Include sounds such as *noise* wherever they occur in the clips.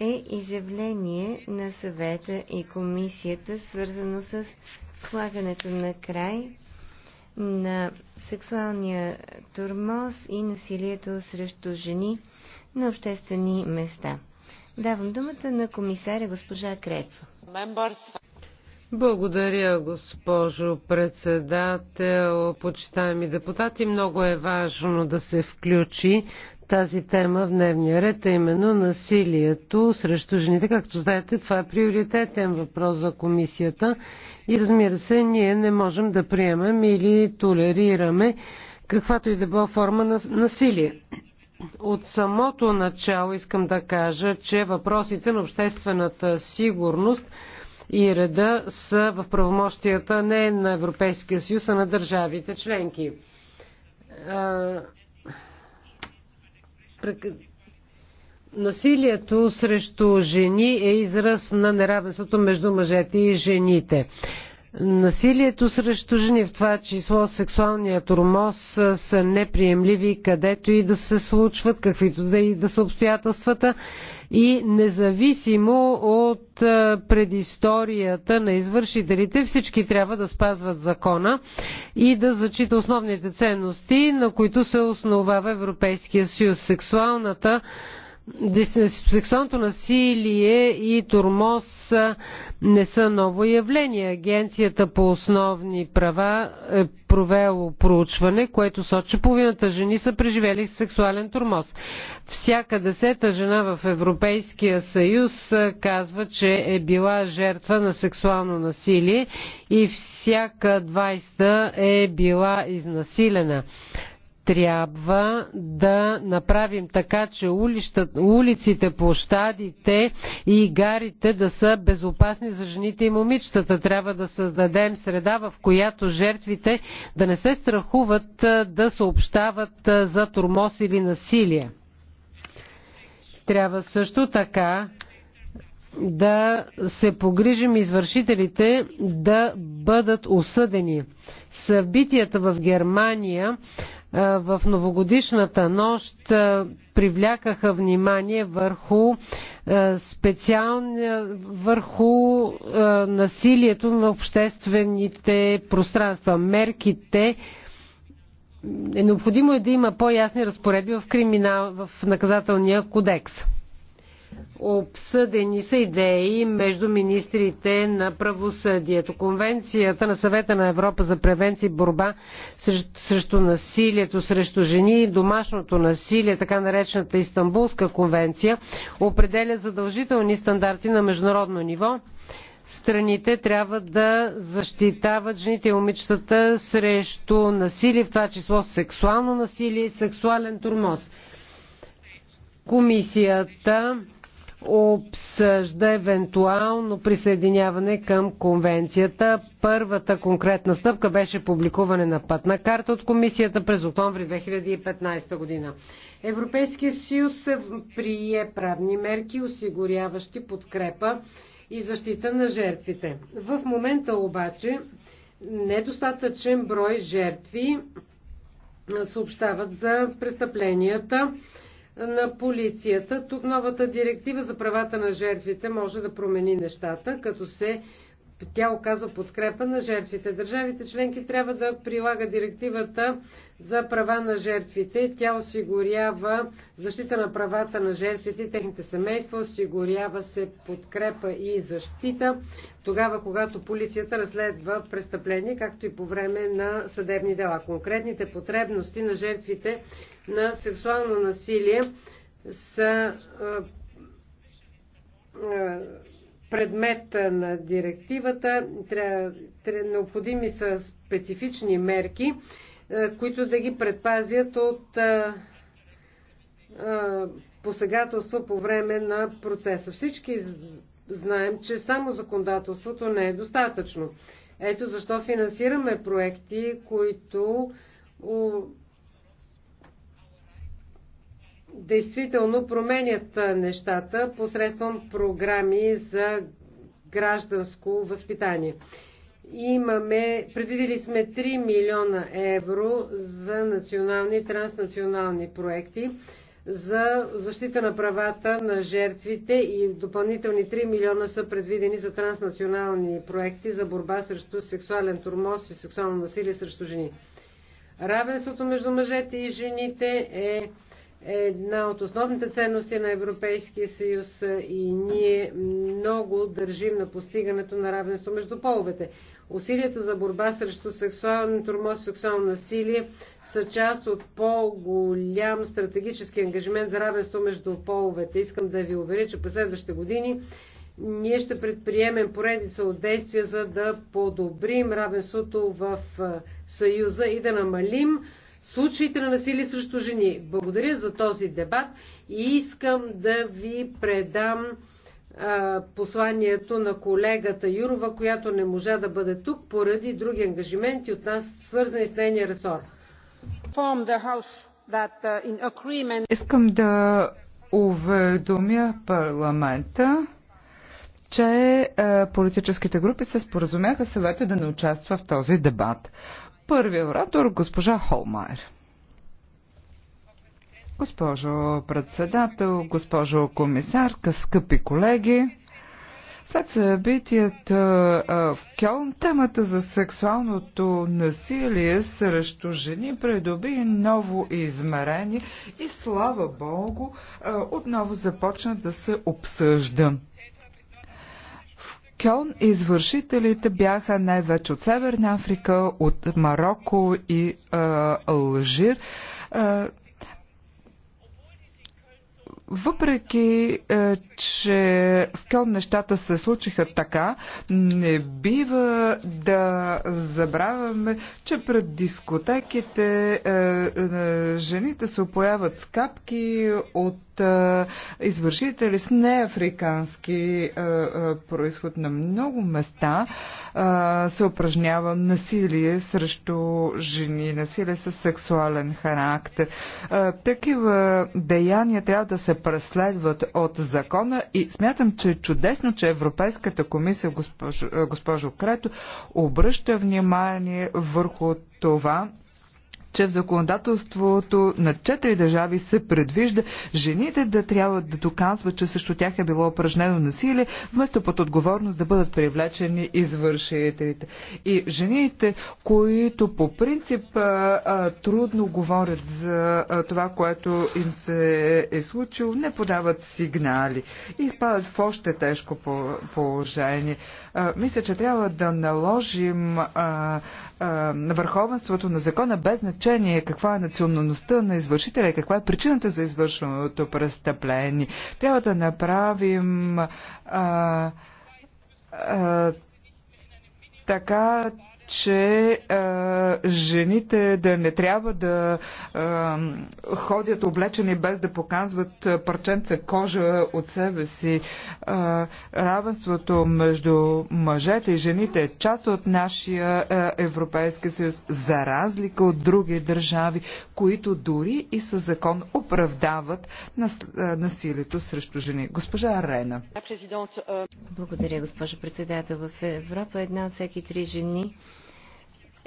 е изявление на съвета и комисията, свързано с слагането на край на сексуалния турмоз и насилието срещу жени на обществени места. Давам думата на комисаря госпожа Крецо. Благодаря, госпожо председател, почитаеми депутати. Много е важно да се включи тази тема в дневния ред, а именно насилието срещу жените. Както знаете, това е приоритетен въпрос за комисията и разбира се, ние не можем да приемем или толерираме каквато и да била форма на насилие. От самото начало искам да кажа, че въпросите на обществената сигурност и реда са в правомощията не на Европейския съюз, а на държавите членки Насилието срещу жени е израз на неравенството между мъжете и жените. Насилието срещу жени, в това число сексуалния тормоз, са неприемливи където и да се случват, каквито да и да са обстоятелствата и независимо от предисторията на извършителите, всички трябва да спазват закона и да зачита основните ценности, на които се основава Европейския съюз. Сексуалната сексуалното насилие и тормоз не са ново явление. Агенцията по основни права е провело проучване, което сочи половината жени са преживели сексуален тормоз. Всяка десета жена в Европейския съюз казва, че е била жертва на сексуално насилие и всяка 20 е била изнасилена трябва да направим така, че улиците, площадите и гарите да са безопасни за жените и момичетата. Трябва да създадем среда, в която жертвите да не се страхуват да съобщават за турмоз или насилие. Трябва също така да се погрижим извършителите да бъдат осъдени. Събитията в Германия е, в новогодишната нощ е, привлякаха внимание върху е, специално върху насилието на обществените пространства. Мерките е необходимо е да има по-ясни разпоредби в, криминал, в наказателния кодекс. Обсъдени са идеи между министрите на правосъдието. Конвенцията на съвета на Европа за превенция и борба срещу насилието срещу жени и домашното насилие, така наречената Истанбулска конвенция, определя задължителни стандарти на международно ниво. Страните трябва да защитават жените и момичетата срещу насилие, в това число сексуално насилие и сексуален турмоз. Комисията обсъжда евентуално присъединяване към конвенцията. Първата конкретна стъпка беше публикуване на пътна карта от комисията през октомври 2015 година. Европейския съюз прие правни мерки, осигуряващи подкрепа и защита на жертвите. В момента обаче недостатъчен брой жертви съобщават за престъпленията на полицията. Тук новата директива за правата на жертвите може да промени нещата, като се тя оказва подкрепа на жертвите. Държавите членки трябва да прилага директивата за права на жертвите. Тя осигурява защита на правата на жертвите и техните семейства, осигурява се подкрепа и защита тогава, когато полицията разследва престъпление, както и по време на съдебни дела. Конкретните потребности на жертвите на сексуално насилие са предмета на директивата. необходими са специфични мерки, които да ги предпазят от посегателства по време на процеса. Всички знаем, че само законодателството не е достатъчно. Ето защо финансираме проекти, които действително променят нещата посредством програми за гражданско възпитание. Имаме, предвидели сме 3 милиона евро за национални и транснационални проекти за защита на правата на жертвите и допълнителни 3 милиона са предвидени за транснационални проекти за борба срещу сексуален турмоз и сексуално насилие срещу жени. Равенството между мъжете и жените е една от основните ценности на Европейския съюз и ние много държим на постигането на равенство между половете. Усилията за борба срещу сексуален тормоз, сексуално насилие са част от по-голям стратегически ангажимент за равенство между половете. Искам да ви уверя, че през следващите години ние ще предприемем поредица от действия, за да подобрим равенството в Съюза и да намалим случаите на насилие срещу жени. Благодаря за този дебат и искам да ви предам посланието на колегата Юрова, която не можа да бъде тук поради други ангажименти от нас, свързани с нейния ресор. Uh, искам да уведомя парламента, че е, политическите групи се споразумяха съвета да не участва в този дебат. Първият оратор госпожа Холмайер. Госпожо председател, госпожо комисарка, скъпи колеги, след събитията в Кьолн, темата за сексуалното насилие срещу жени придоби ново измерение и слава Богу, отново започна да се обсъжда. Кьон извършителите бяха най-вече от Северна Африка, от Марокко и а, Алжир. А, въпреки, е, че в Кьон нещата се случиха така, не бива да забравяме, че пред дискотеките е, е, жените се опояват с капки от извършители с неафрикански происход на много места се упражнява насилие срещу жени, насилие с сексуален характер. Такива деяния трябва да се преследват от закона и смятам, че е чудесно, че Европейската комисия, госпожо, госпожо Крето, обръща внимание върху това, че в законодателството на четири държави се предвижда жените да трябва да доказват, че също тях е било упражнено насилие, вместо под отговорност да бъдат привлечени извършителите. И жените, които по принцип а, а, трудно говорят за а, това, което им се е случило, не подават сигнали и изпадат в още тежко положение мисля, че трябва да наложим на върховенството на закона без значение каква е националността на извършителя и каква е причината за извършеното престъпление. Трябва да направим така, че а, е, жените да не трябва да а, е, ходят облечени без да показват парченца кожа от себе си. А, е, равенството между мъжете и жените е част от нашия а, Европейски съюз, за разлика от други държави, които дори и със закон оправдават нас, а, насилието срещу жени. Госпожа Арена. Благодаря, госпожа председател. В Европа една от всеки три жени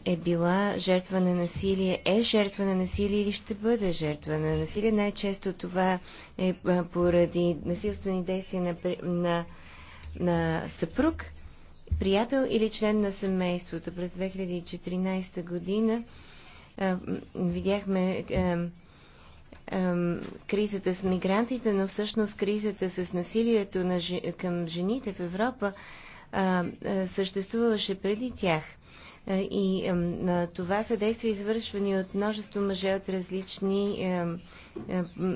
е била жертва на насилие, е жертва на насилие или ще бъде жертва на насилие. Най-често това е поради насилствени действия на, на, на съпруг, приятел или член на семейството. През 2014 година а, видяхме а, а, кризата с мигрантите, но всъщност кризата с насилието на, към жените в Европа а, а, съществуваше преди тях. Е, и това са действия, извършвани от множество мъже от различни,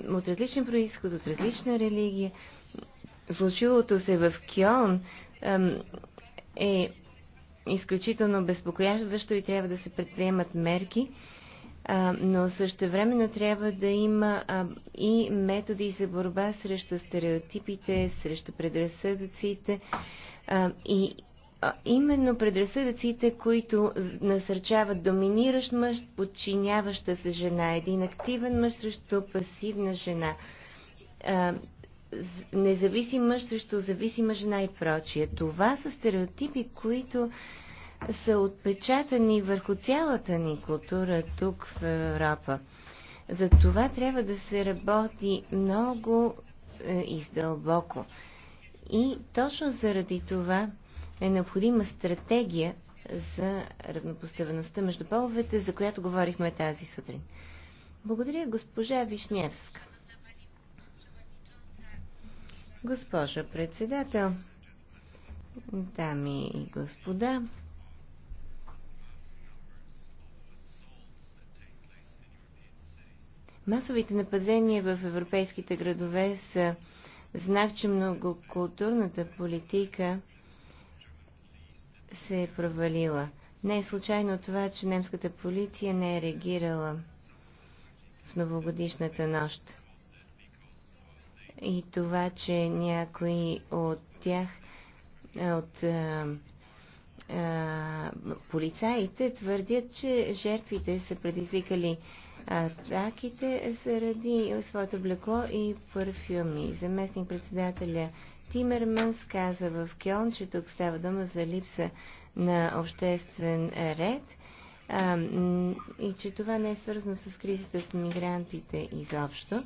от различен происход, от различна религия. Случилото се в Кьон е изключително безпокоящо и трябва да се предприемат мерки, но също времено трябва да има и методи за борба срещу стереотипите, срещу предразсъдъците и именно предразсъдъците, които насърчават доминиращ мъж, подчиняваща се жена, един активен мъж срещу пасивна жена, независим мъж срещу зависима жена и прочие. Това са стереотипи, които са отпечатани върху цялата ни култура тук в Европа. За това трябва да се работи много е, издълбоко. И точно заради това е необходима стратегия за равнопоставеността между половете, за която говорихме тази сутрин. Благодаря, госпожа Вишневска. Госпожа председател, дами и господа, масовите нападения в европейските градове са знак, че многокултурната политика – се е провалила. Не е случайно това, че немската полиция не е реагирала в новогодишната нощ. И това, че някои от тях, от а, а, полицаите, твърдят, че жертвите са предизвикали атаките заради своето облекло и парфюми. Заместник председателя Тимерманс каза в Кьон, че тук става дума за липса на обществен ред а, и че това не е свързано с кризата с мигрантите изобщо.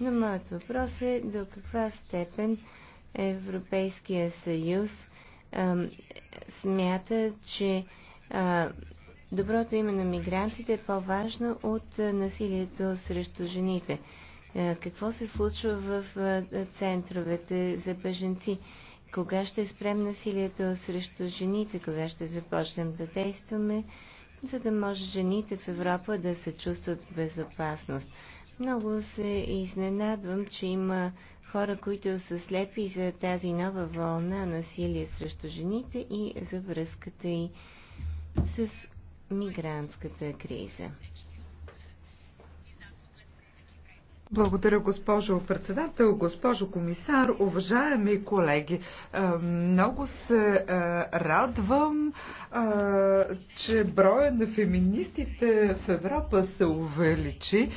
Но моят въпрос е до каква степен Европейския съюз а, смята, че а, доброто име на мигрантите е по-важно от насилието срещу жените. Е, какво се случва в е, е, центровете за беженци? Кога ще спрем насилието срещу жените? Кога ще започнем да действаме, за да може жените в Европа да се чувстват в безопасност? Много се изненадвам, че има хора, които са слепи за тази нова вълна насилие срещу жените и за връзката и с мигрантската криза. Благодаря, госпожо председател, госпожо комисар, уважаеми колеги. Е, много се е, радвам, е, че броя на феминистите в Европа се увеличи.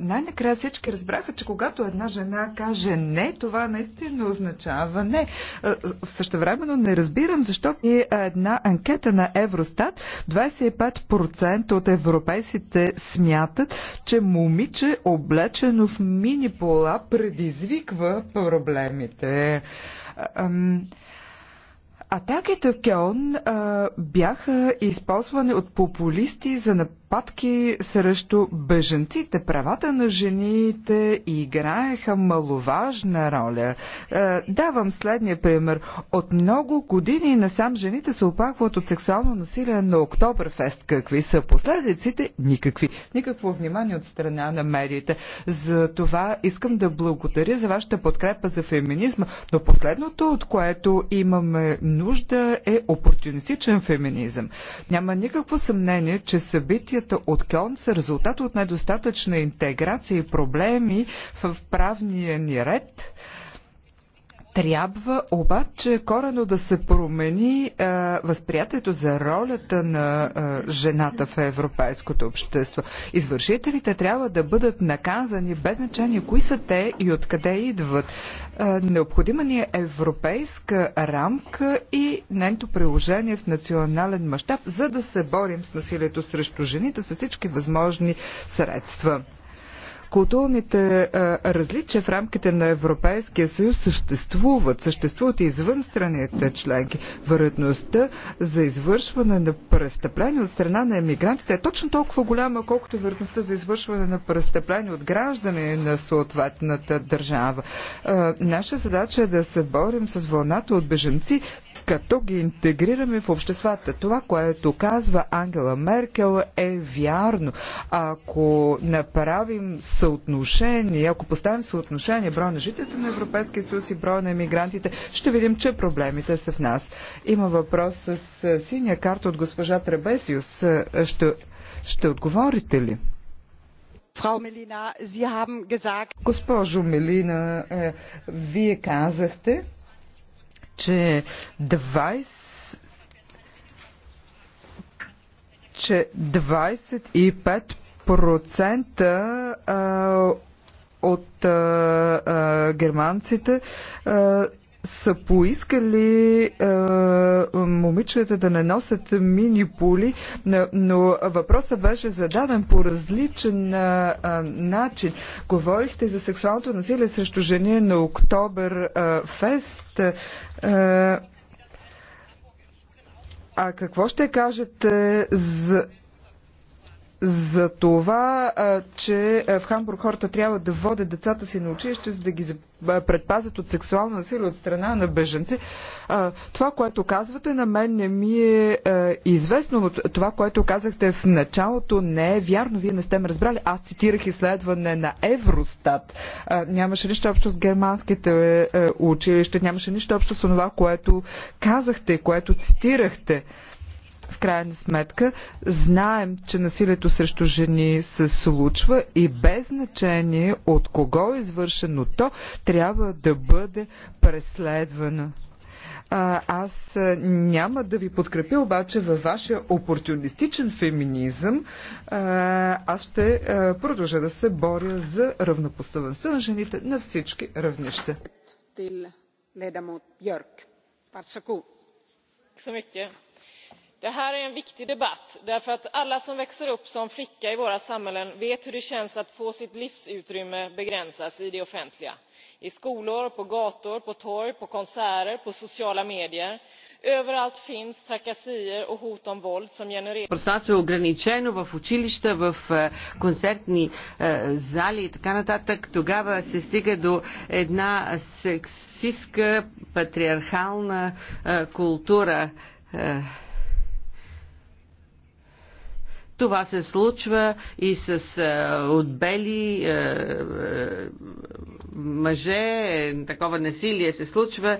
Най-накрая всички разбраха, че когато една жена каже не, това наистина означава не. Същевременно не разбирам защо и една анкета на Евростат 25% от европейците смятат, че момиче облечено точно в пола предизвиква проблемите. Атаките Кьон а, бяха използвани от популисти за нападки срещу беженците. Правата на жените играеха маловажна роля. А, давам следния пример. От много години насам жените се опакват от сексуално насилие на Октоберфест. Какви са последиците? Никакви. Никакво внимание от страна на медиите. За това искам да благодаря за вашата подкрепа за феминизма, но последното, от което имаме нужда, нужда е опортунистичен феминизъм. Няма никакво съмнение, че събитията от Кьон са резултат от недостатъчна интеграция и проблеми в правния ни ред трябва обаче корено да се промени а, е, възприятието за ролята на а, е, жената в европейското общество. Извършителите трябва да бъдат наказани без значение кои са те и откъде идват. А, е, необходима ни е европейска рамка и нейното приложение в национален мащаб, за да се борим с насилието срещу жените с всички възможни средства. Културните различия в рамките на Европейския съюз съществуват, съществуват и извън страните членки. Вероятността за извършване на престъпление от страна на емигрантите е точно толкова голяма, колкото вероятността за извършване на престъпление от граждани на съответната държава. Наша задача е да се борим с вълната от беженци, като ги интегрираме в обществата. Това, което казва Ангела Меркел е вярно. Ако направим съотношение, ако поставим съотношение броя на жителите на Европейския съюз и броя на емигрантите, ще видим, че проблемите са в нас. Има въпрос с синя карта от госпожа Требесиус. Ще, ще отговорите ли? Госпожо Мелина, е, вие казахте, че 20 че 25% от германците са поискали а, е, момичета да не носят мини пули, но въпросът беше зададен по различен а, е, е, начин. Говорихте за сексуалното насилие срещу жени на Октобер а, Фест. А, а какво ще кажете за за това, че в Хамбург хората трябва да водят децата си на училище, за да ги предпазят от сексуална насилие от страна на беженци. Това, което казвате на мен не ми е известно, но това, което казахте в началото не е вярно. Вие не сте ме разбрали. Аз цитирах изследване на Евростат. Нямаше нищо общо с германските училища, нямаше нищо общо с това, което казахте, което цитирахте. В крайна сметка, знаем, че насилието срещу жени се случва и без значение от кого е извършено то, трябва да бъде преследвано. Аз няма да ви подкрепя обаче във вашия опортунистичен феминизъм. Аз ще продължа да се боря за равнопоставеността на жените на всички равнища det här är en viktig debatt därför att alla som växer upp som flicka i våra samhällen vet hur det känns att få sitt livsutrymme begränsat i det offentliga i skolor på gator på torg på konserter på sociala medier. överallt finns trakasserier och hot om våld som genererar. Това се случва и с а, е, отбели а, е, е, мъже, такова насилие се случва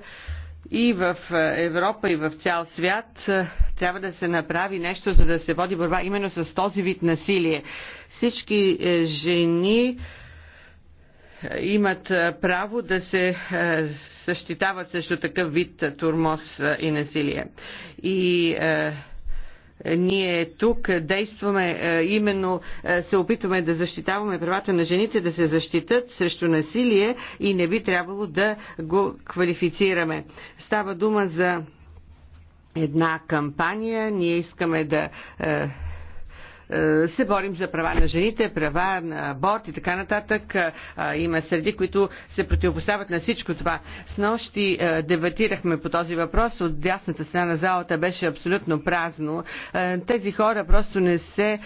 и в Европа, и в цял свят. Трябва да се направи нещо, за да се води борба именно с този вид насилие. Всички жени имат право да се същитават срещу такъв вид турмоз и насилие. И ние тук действаме, е, именно е, се опитваме да защитаваме правата на жените да се защитат срещу насилие и не би трябвало да го квалифицираме. Става дума за една кампания. Ние искаме да е, е, се борим за права на жените, права на аборт и така нататък. Е, има среди, които се противопоставят на всичко това. С нощи е, дебатирахме по този въпрос. От дясната страна на залата беше абсолютно празно. Тези хора просто не се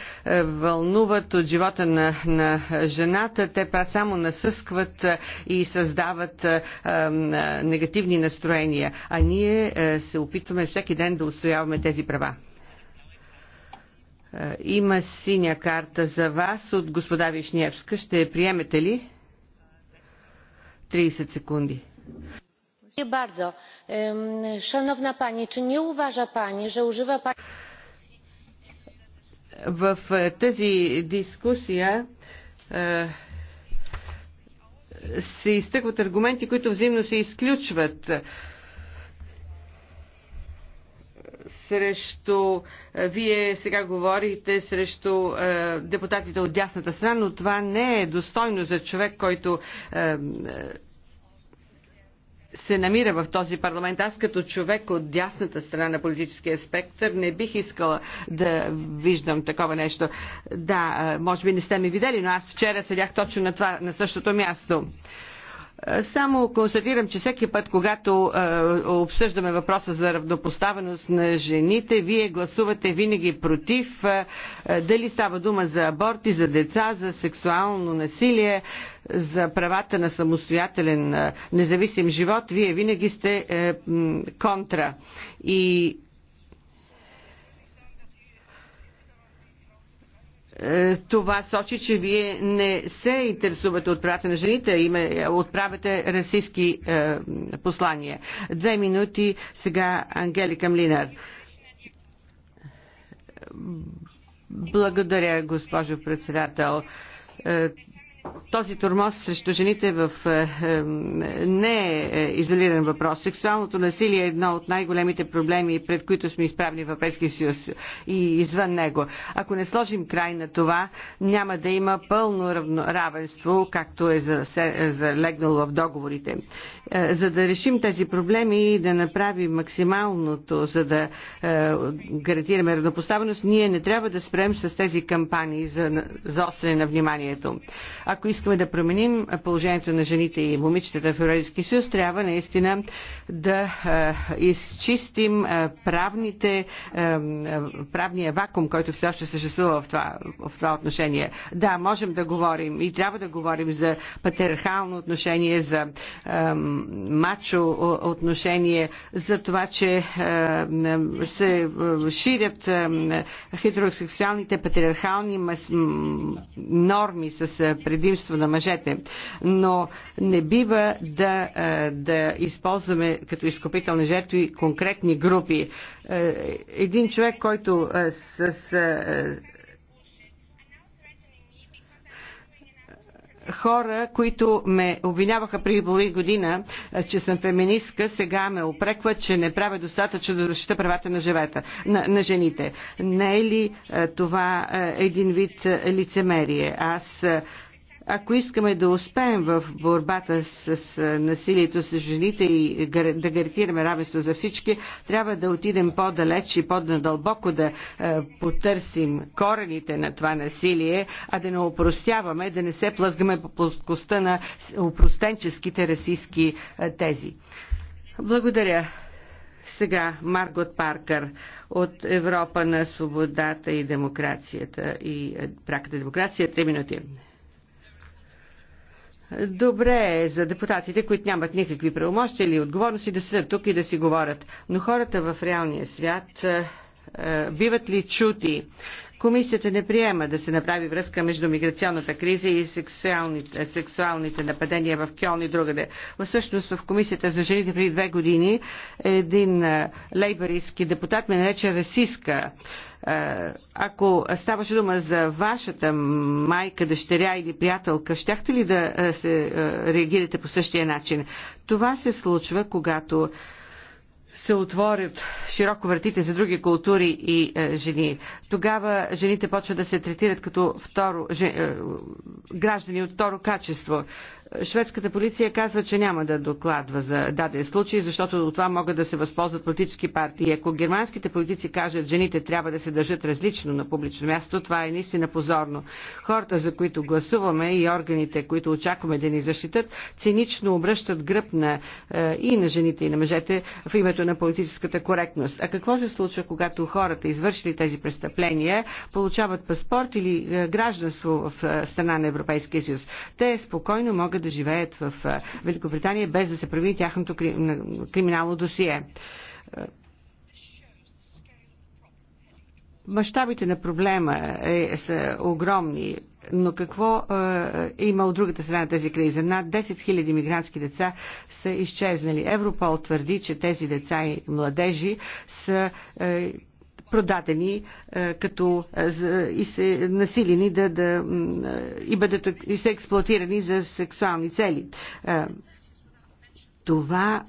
вълнуват от живота на, на жената. Те само насъскват и създават негативни настроения. А ние се опитваме всеки ден да устояваме тези права. Е, има синя карта за вас от господа Вишневска. Ще я приемете ли? 30 секунди. Bardzo. Szanowna Pani, czy nie uważa Pani, że używa Pani... В е, тази дискусия е, се изтъкват аргументи, които взаимно се изключват срещу... Вие сега говорите срещу е, депутатите от дясната страна, но това не е достойно за човек, който е, се намира в този парламент. Аз като човек от дясната страна на политическия спектър не бих искала да виждам такова нещо. Да, може би не сте ми видели, но аз вчера седях точно на, това, на същото място. Само констатирам, че всеки път, когато е, обсъждаме въпроса за равнопоставеност на жените, вие гласувате винаги против. Е, е дали става дума за аборти, за деца, за сексуално насилие, за правата на самостоятелен е, независим живот, вие винаги сте е, контра. И Е, това сочи, че вие не се интересувате от правата на жените, а отправяте расистски е, послания. Две минути сега Ангелика Млинар. Благодаря, госпожо председател. Е, този тормоз срещу жените в, е, е, не е, е изолиран въпрос. Сексуалното насилие е едно от най-големите проблеми, пред които сме изправни в Европейския съюз и извън него. Ако не сложим край на това, няма да има пълно равенство, както е залегнало в договорите. За да решим тези проблеми и да направим максималното, за да гарантираме равнопоставеност, ние не трябва да спрем с тези кампании за заостряне на вниманието ако искаме да променим положението на жените и момичетата в Европейския съюз, трябва наистина да изчистим правните, правния вакуум, който все още съществува в това, в това отношение. Да, можем да говорим и трябва да говорим за патриархално отношение, за мачо отношение, за това, че се ширят хитросексуалните патриархални норми с пред предимство на мъжете. Но не бива да, да използваме като изкупителни жертви конкретни групи. Е, един човек, който с хора, които ме обвиняваха преди половин година, че съм феминистка, сега ме опрекват, че не правя достатъчно да защита правата на, живета, на, на жените. Не е ли това един вид лицемерие? Аз ако искаме да успеем в борбата с, с насилието с жените и да гарантираме равенство за всички, трябва да отидем по-далеч и по-надълбоко да е, потърсим корените на това насилие, а да не опростяваме, да не се плъзгаме по плоскостта на опростенческите расистски е, тези. Благодаря. Сега Маргот Паркър от Европа на свободата и демокрацията и праката демокрация. Три минути. Добре е за депутатите, които нямат никакви правомощи или отговорности да седят тук и да си говорят. Но хората в реалния свят е, е, биват ли чути? Комисията не приема да се направи връзка между миграционната криза и сексуалните, сексуалните нападения в Кьон и другаде. Всъщност в Комисията за жените преди две години един лейбористски депутат ме нарече расистка ако ставаше дума за вашата майка, дъщеря или приятелка, щяхте ли да се реагирате по същия начин? Това се случва, когато се отворят широко вратите за други култури и е, жени, тогава жените почват да се третират като второ, е, граждани от второ качество. Шведската полиция казва, че няма да докладва за даден случай, защото от това могат да се възползват политически партии. Ако германските политици кажат, жените трябва да се държат различно на публично място, това е наистина позорно. Хората, за които гласуваме и органите, които очакваме да ни защитат, цинично обръщат гръб на, е, и на жените, и на мъжете в името на политическата коректност. А какво се случва, когато хората, извършили тези престъпления, получават паспорт или е, гражданство в е, страна на Европейския съюз? Те спокойно могат могат да живеят в Великобритания без да се прави тяхното криминално досие. Мащабите на проблема е, са огромни, но какво е, има от другата страна на тази криза? Над 10 000 мигрантски деца са изчезнали. Европол твърди, че тези деца и младежи са е, продадени е, като е, и се насилени да, да е, и, бъдат, и са експлуатирани за сексуални цели. Това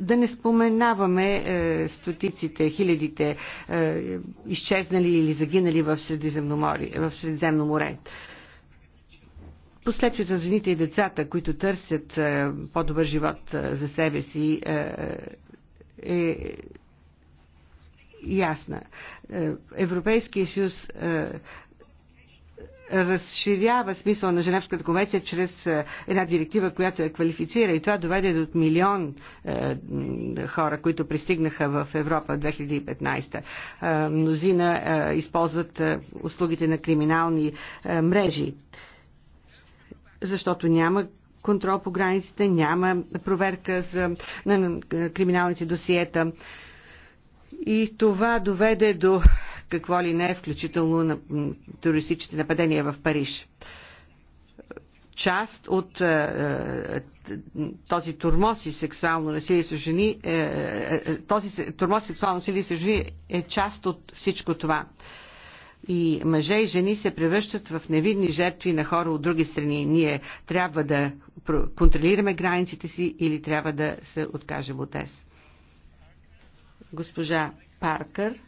да не споменаваме е, стотиците, хилядите е, изчезнали или загинали в, в Средиземно море. Последствията за жените и децата, които търсят е, по-добър живот е, за себе си, е, е ясна. Е, Европейския съюз е, разширява смисъл на Женевската конвенция чрез е, една директива, която я квалифицира и това доведе до милион хора, които пристигнаха в Европа 2015. Мнозина използват услугите на криминални мрежи, защото няма контрол по границите, няма проверка за, на криминалните досиета. И това доведе до какво ли не, включително на туристичните нападения в Париж. Част от е, този турмоз и сексуално насилие с жени, е, този турмоз и сексуално насилие с е, е, е, жени е част от всичко това. И мъже и жени се превръщат в невидни жертви на хора от други страни. Ние трябва да контролираме границите си или трябва да се откажем от тези. Госпожа Паркър,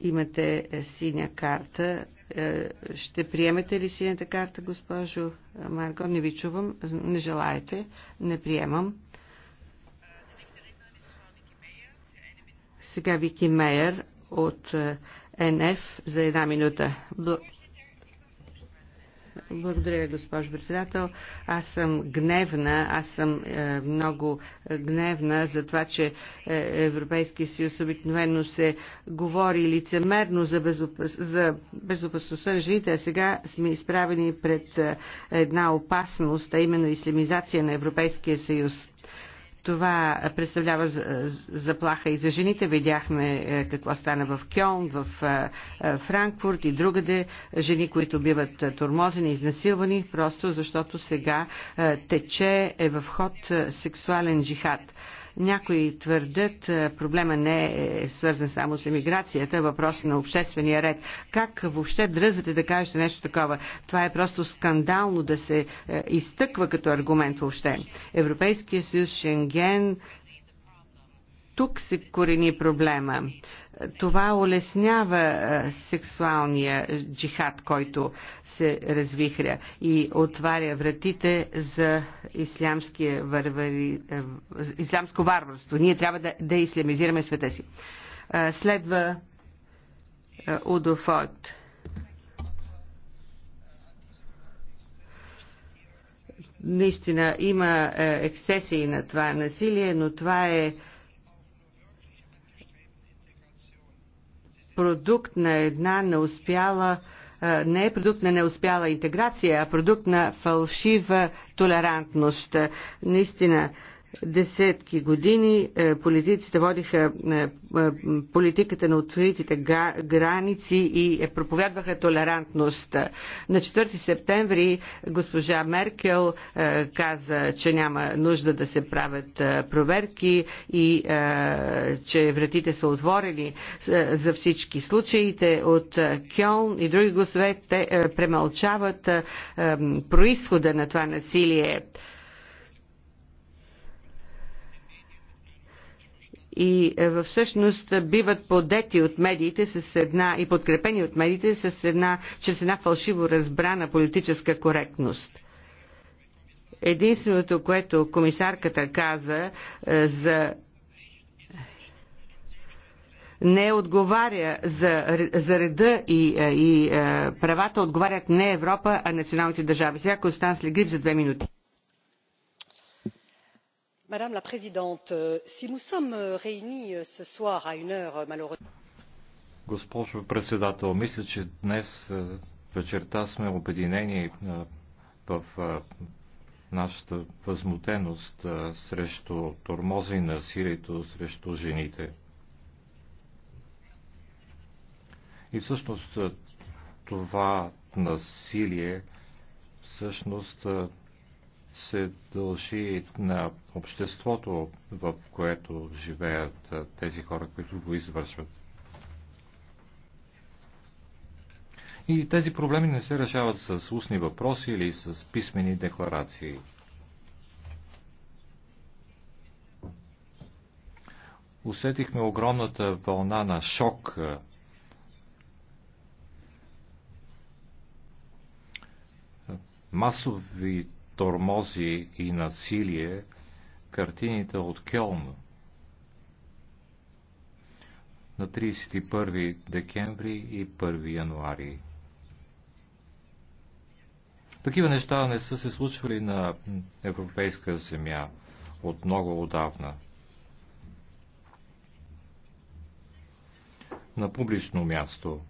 имате синя карта. Е, ще приемете ли синята карта, госпожо Марго? Не ви чувам. Не желаете. Не приемам. Сега Вики Мейер от е, НФ за една минута. Благодаря, госпожо председател. Аз съм гневна, аз съм е, много гневна за това, че е, Европейския съюз обикновено се говори лицемерно за, безопас... за безопасността на жените, а сега сме изправени пред е, една опасност, а именно ислямизация на Европейския съюз това представлява заплаха и за жените. Видяхме е, какво стана в Кьон, в е, е, Франкфурт и другаде. Жени, които биват тормозени, изнасилвани, просто защото сега тече е в ход сексуален джихад. Някои твърдят, е, проблема не е свързан само с емиграцията, въпрос е на обществения ред. Как въобще дръзвате да кажете нещо такова? Това е просто скандално да се е, изтъква като аргумент въобще. Европейския съюз, Шенген, тук се корени проблема. Това улеснява сексуалния джихад, който се развихря и отваря вратите за варвари... ислямско варварство. Ние трябва да, да ислямизираме света си. Следва Удофот. Наистина има ексесии на това насилие, но това е продукт на една неуспяла не е продукт на неуспяла интеграция, а продукт на фалшива толерантност. Наистина, десетки години е, политиците водиха е, е, политиката на откритите граници и проповядваха толерантност. На 4 септември госпожа Меркел каза, че няма нужда да се правят проверки и че вратите са отворени за всички. Случаите от Кьолн и други госове те премълчават происхода на това насилие. и е, всъщност биват подети от медиите с една и подкрепени от медиите с една, чрез една фалшиво разбрана политическа коректност. Единственото, което комисарката каза е, за не отговаря за, за реда и, е, и правата, отговарят не Европа, а националните държави. Сега Констанс Легрип за две минути madame la présidente euh, si nous sommes euh, réunis euh, ce soir à une heure malheureusement. госпожо председател мисля че днес е, вечерта сме обединени е, в е, нашата възмутеност срещу тормоза и насилието срещу жените. И всъщност това насилие всъщност се дължи на обществото, в което живеят тези хора, които го извършват. И тези проблеми не се решават с устни въпроси или с писмени декларации. Усетихме огромната вълна на шок. Масови тормози и насилие, картините от Кьолн. На 31 декември и 1 януари. Такива неща не са се случвали на европейска земя от много отдавна. На публично място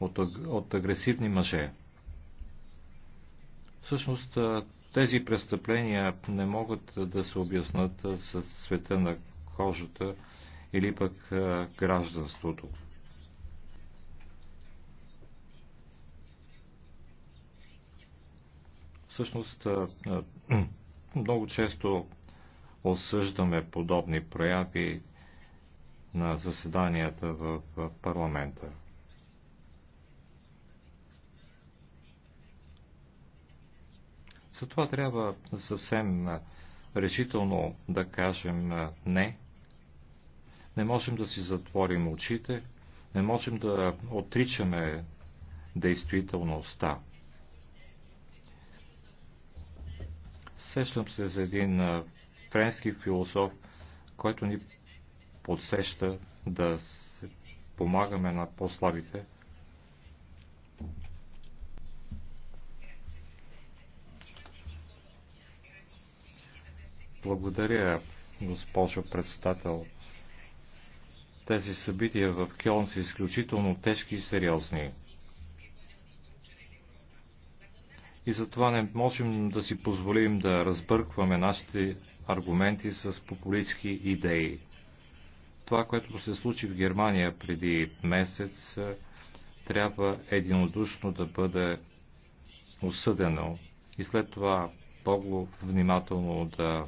от, от агресивни мъже. Всъщност тези престъпления не могат да се обяснат с света на кожата или пък гражданството. Всъщност, много често осъждаме подобни прояви на заседанията в парламента. Затова трябва съвсем решително да кажем не. Не можем да си затворим очите, не можем да отричаме действителността. Сещам се за един френски философ, който ни подсеща да се помагаме на по-слабите, Благодаря, госпожо председател. Тези събития в Кьон са изключително тежки и сериозни. И затова не можем да си позволим да разбъркваме нашите аргументи с популистски идеи. Това, което се случи в Германия преди месец, трябва единодушно да бъде осъдено и след това много внимателно да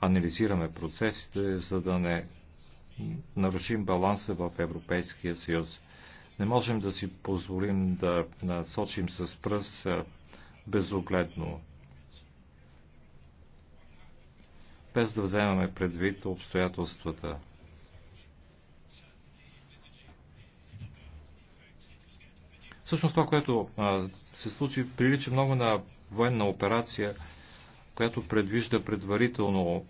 анализираме процесите, за да не нарушим баланса в Европейския съюз. Не можем да си позволим да насочим с пръст безогледно, без да вземаме предвид обстоятелствата. Всъщност това, което се случи, прилича много на военна операция – която предвижда предварително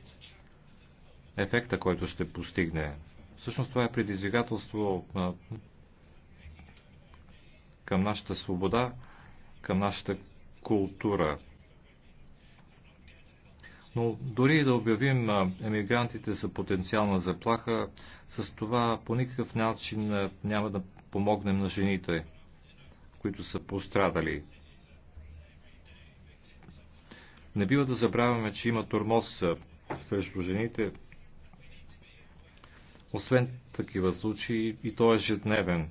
ефекта, който ще постигне. Всъщност това е предизвикателство към нашата свобода, към нашата култура. Но дори и да обявим емигрантите за потенциална заплаха, с това по никакъв начин няма да помогнем на жените, които са пострадали. Не бива да забравяме, че има тормоз срещу жените. Освен такива случаи, и то е ежедневен.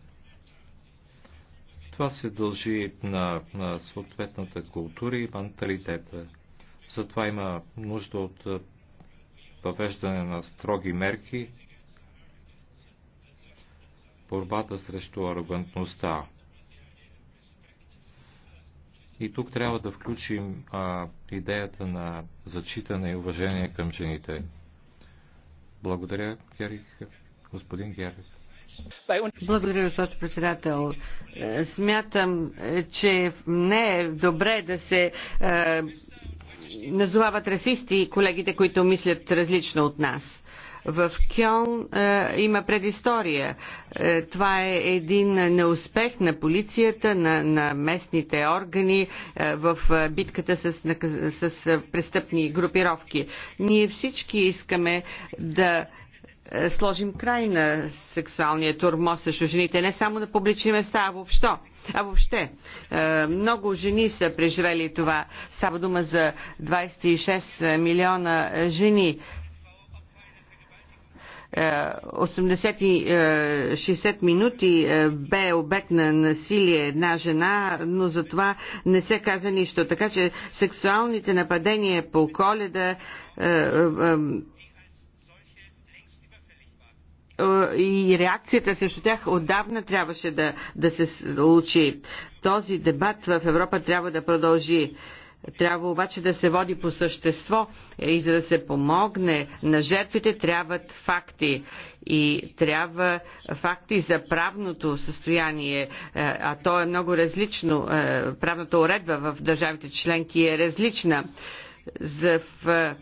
Това се дължи на, на съответната култура и менталитета. Затова има нужда от въвеждане на строги мерки, борбата срещу арогантността. И тук трябва да включим а, идеята на зачитане и уважение към жените. Благодаря, Герих. Господин Герих. Благодаря, госпожо председател. Е, смятам, е, че не е добре да се е, назовават расисти колегите, които мислят различно от нас в Кьон е, има предистория. Е, това е един неуспех на полицията, на, на местните органи е, в е, битката с, с е, престъпни групировки. Ние всички искаме да е, сложим край на сексуалния турмоз срещу жените, не само на публични места, а въобще. А въобще, много жени са преживели това. Става дума за 26 милиона жени 80 е, 60 е, минути е, бе обект на насилие една жена, но за това не се каза нищо. Така че сексуалните нападения по коледа и реакцията срещу тях отдавна трябваше да, да се случи. Този дебат в Европа трябва да продължи. Трябва обаче да се води по същество и за да се помогне на жертвите трябват факти и трябва факти за правното състояние, е, а то е много различно. Е, правната уредба в държавите членки е различна. За в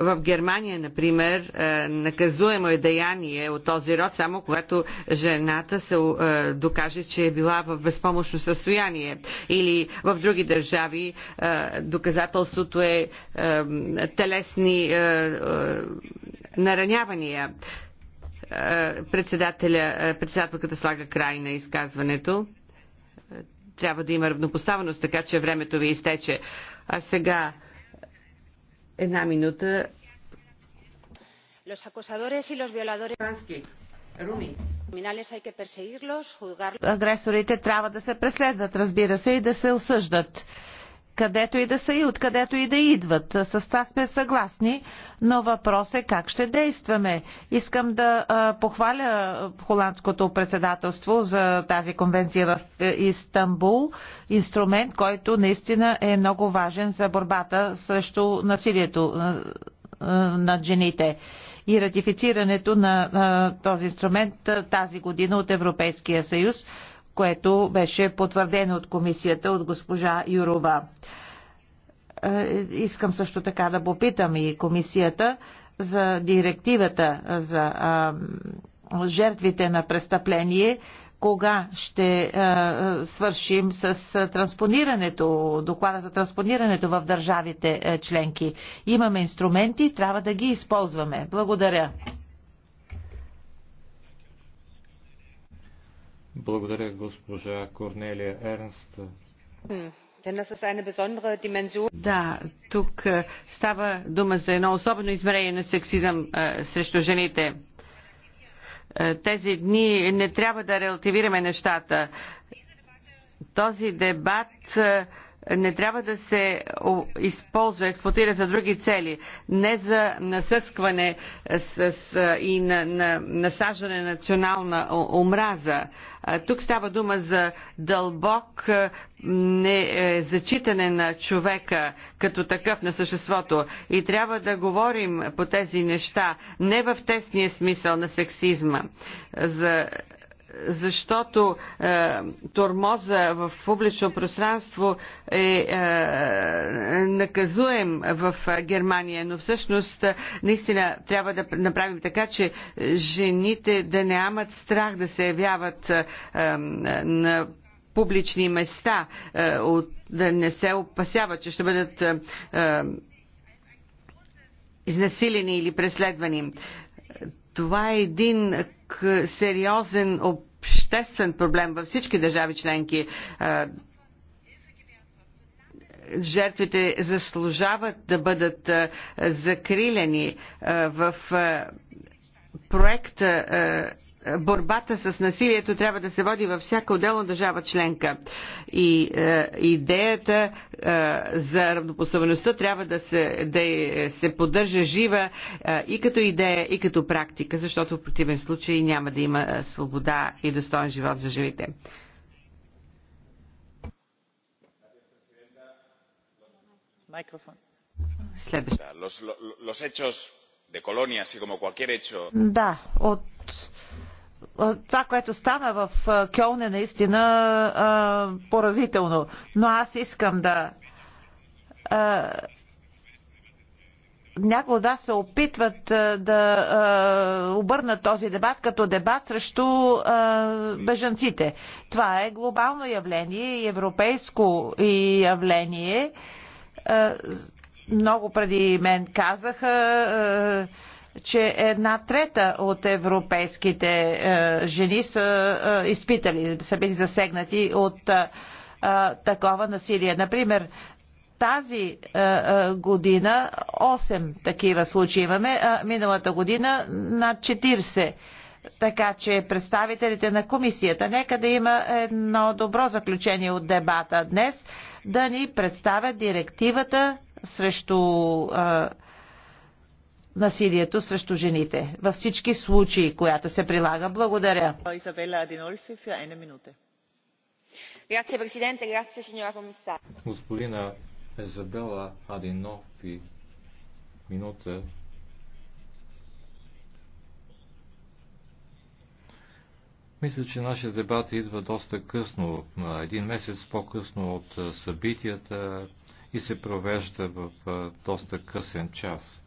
в Германия, например, е, наказуемо е деяние от този род, само когато жената се е, докаже, че е била в безпомощно състояние. Или в други държави е, доказателството е телесни наранявания. Председателя, председателката слага край на изказването. Трябва да има равнопоставеност, така че времето ви изтече. А сега Една минута. Los los acosadores y Руми. Агресорите трябва да се преследват, разбира се, и да се осъждат където и да са и откъдето и да идват. С това сме съгласни, но въпрос е как ще действаме. Искам да похваля холандското председателство за тази конвенция в е, Истанбул, инструмент, който наистина е много важен за борбата срещу насилието над жените и ратифицирането на този инструмент тази година от Европейския съюз което беше потвърдено от комисията от госпожа Юрова. Е, искам също така да попитам и комисията за директивата за жертвите на престъпление, кога ще свършим с транспонирането, доклада за транспонирането в държавите е, членки. Имаме инструменти, трябва да ги използваме. Благодаря. Благодаря, госпожа Корнелия Ернст. Е да, тук е, става дума за едно особено измерение на сексизъм а, е, срещу жените. А, тези дни не трябва да релативираме нещата. Този дебат а, не трябва да се използва, експлуатира за други цели, не за насъскване е, с, с, е, и на, на, насаждане на национална омраза. Тук става дума за дълбок е, не, зачитане на човека като такъв на съществото. И трябва да говорим по тези неща, не в тесния смисъл на сексизма. За защото е, тормоза в публично пространство е, е наказуем в Германия, но всъщност е, наистина трябва да направим така, че жените да нямат страх да се явяват е, е, на публични места, е, от, да не се опасяват, че ще бъдат е, е изнасилени или преследвани. Това е един сериозен обществен проблем във всички държави членки. Жертвите заслужават да бъдат закрилени в проекта борбата с насилието трябва да се води във всяка отделна държава членка. И е, идеята е, за равнопоставеността трябва да се, да е, се поддържа жива е, и като идея, и като практика, защото в противен случай няма да има е, свобода и достоен живот за живите. Microphone. Да, от това, което стана в Кьолн е наистина поразително. Но аз искам да някои от вас се опитват да обърнат този дебат като дебат срещу бежанците. Това е глобално явление и европейско явление. много преди мен казаха че една трета от европейските е, жени са е, изпитали, са били засегнати от е, такова насилие. Например, тази година 8 такива случаи имаме, а миналата година над 40. Така че представителите на комисията, нека да има едно добро заключение от дебата днес, да ни представят директивата срещу насилието срещу жените във всички случаи, която се прилага. Благодаря. Господина Изабела Адинофи, минута. Мисля, че нашия дебат идва доста късно, един месец по-късно от събитията и се провежда в доста късен час.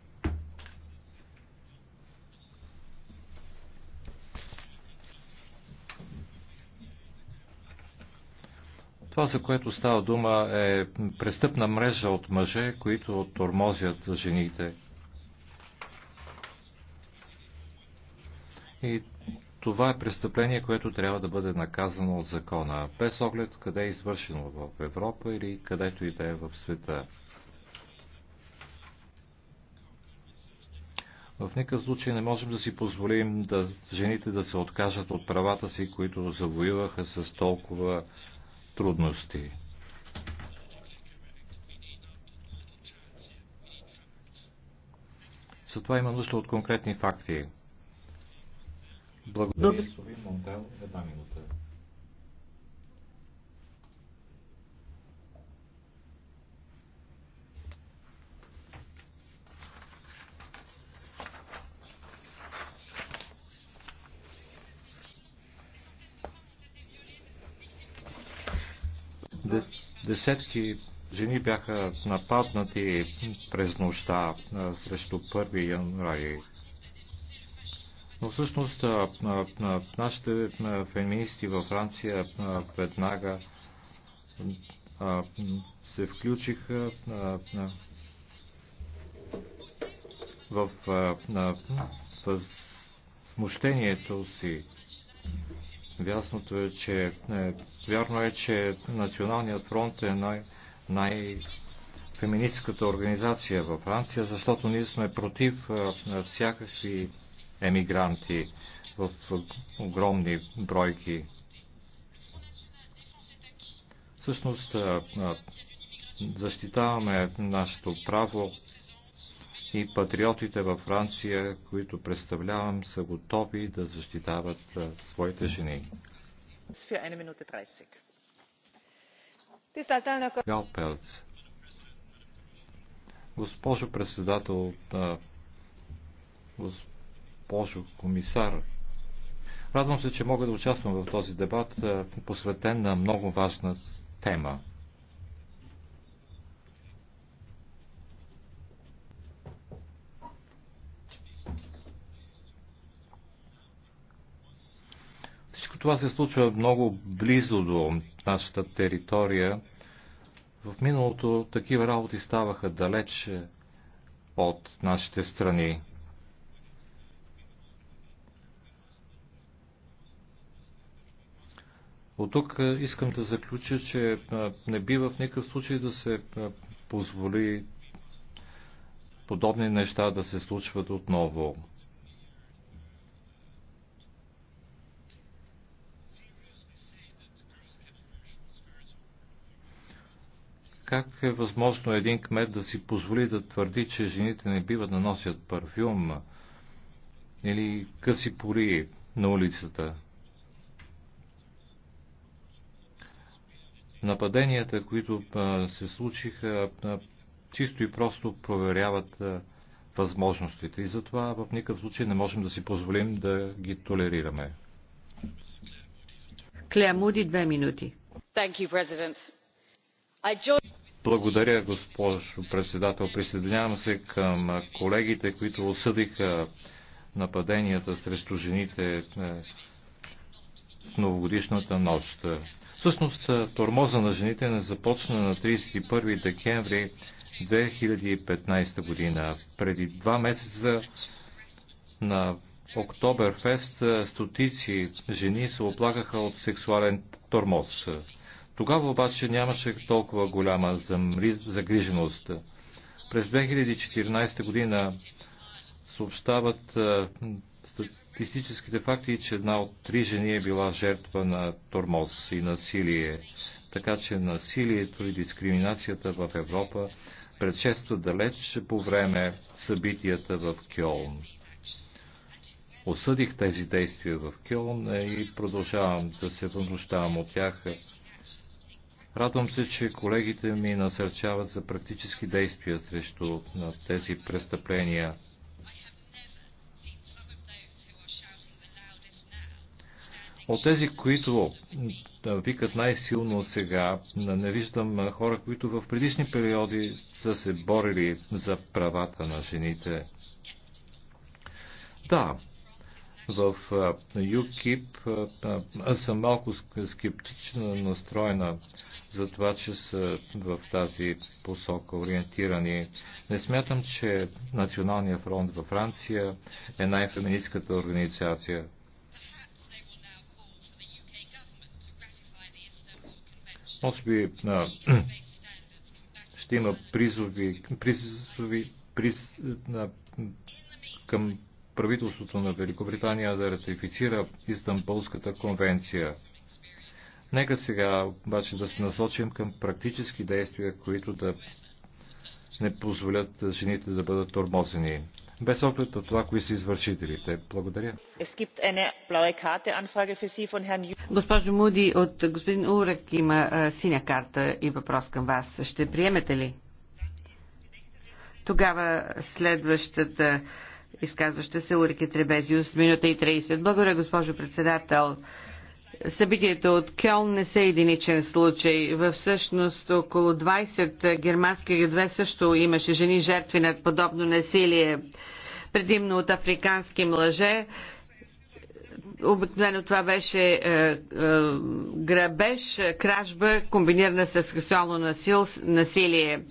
Това, за което става дума, е престъпна мрежа от мъже, които тормозят жените. И това е престъпление, което трябва да бъде наказано от закона, без оглед къде е извършено в Европа или където и да е в света. В никакъв случай не можем да си позволим да жените да се откажат от правата си, които завоюваха с толкова трудности. Затова има нужда от конкретни факти. Благодаря, Благодаря. една минута. Десетки жени бяха нападнати през нощта срещу 1 януари. Но всъщност нашите феминисти във Франция веднага се включиха в възмущението си Вярното е, че, е, вярно е, че Националният фронт е най- най-феминистката организация във Франция, защото ние сме против е, е, всякакви емигранти в огромни бройки. Всъщност защитаваме нашето право и патриотите във Франция, които представлявам, са готови да защитават своите жени. Галпелц. Госпожо председател, госпожо комисар, радвам се, че мога да участвам в този дебат, посветен на много важна тема. Всичко това се случва много близо до нашата територия. В миналото такива работи ставаха далеч от нашите страни. От тук искам да заключа, че не бива в никакъв случай да се позволи подобни неща да се случват отново. Как е възможно един кмет да си позволи да твърди, че жените не бива да носят парфюм или къси пори на улицата? Нападенията, които се случиха, чисто и просто проверяват възможностите и затова в никакъв случай не можем да си позволим да ги толерираме. Клея Муди, две минути. Thank you, President. I joined... Благодаря, госпожо председател. Присъединявам се към колегите, които осъдиха нападенията срещу жените е, в новогодишната нощ. Всъщност, е, тормоза на жените не започна на 31 декември 2015 година. Преди два месеца на Октоберфест е, стотици жени се оплакаха от сексуален тормоз. Тогава обаче нямаше толкова голяма загриженост. През 2014 година съобщават статистическите факти, че една от три жени е била жертва на тормоз и насилие. Така че насилието и дискриминацията в Европа предшества далеч по време събитията в Кьолн. Осъдих тези действия в Кьолн е, и продължавам да се възмущавам от тях Радвам се, че колегите ми насърчават за практически действия срещу тези престъпления. От тези, които викат най-силно сега, не виждам хора, които в предишни периоди са се борили за правата на жените. Да, в ЮКИП аз съм малко скептично настроена за това, че са в тази посока ориентирани. Не смятам, че Националния фронт във Франция е най-феминистката организация. Може би *clears throat* ще има призови, призови приз, към правителството на Великобритания да ратифицира Истанбулската конвенция. Нека сега обаче да се насочим към практически действия, които да не позволят жените да бъдат тормозени. Без оглед на това, кои са извършителите. Благодаря. Госпожо Муди, от господин Урек има синя карта и въпрос към вас. Ще приемете ли? Тогава следващата изказваща се Урики Требезиус, минута и 30. Благодаря, госпожо председател. Събитието от Кьолн не са единичен случай. Във всъщност около 20 германски градове също имаше жени жертви над подобно насилие, предимно от африкански мъже. Обикновено това беше е, е, грабеж, кражба, комбинирана с сексуално насилие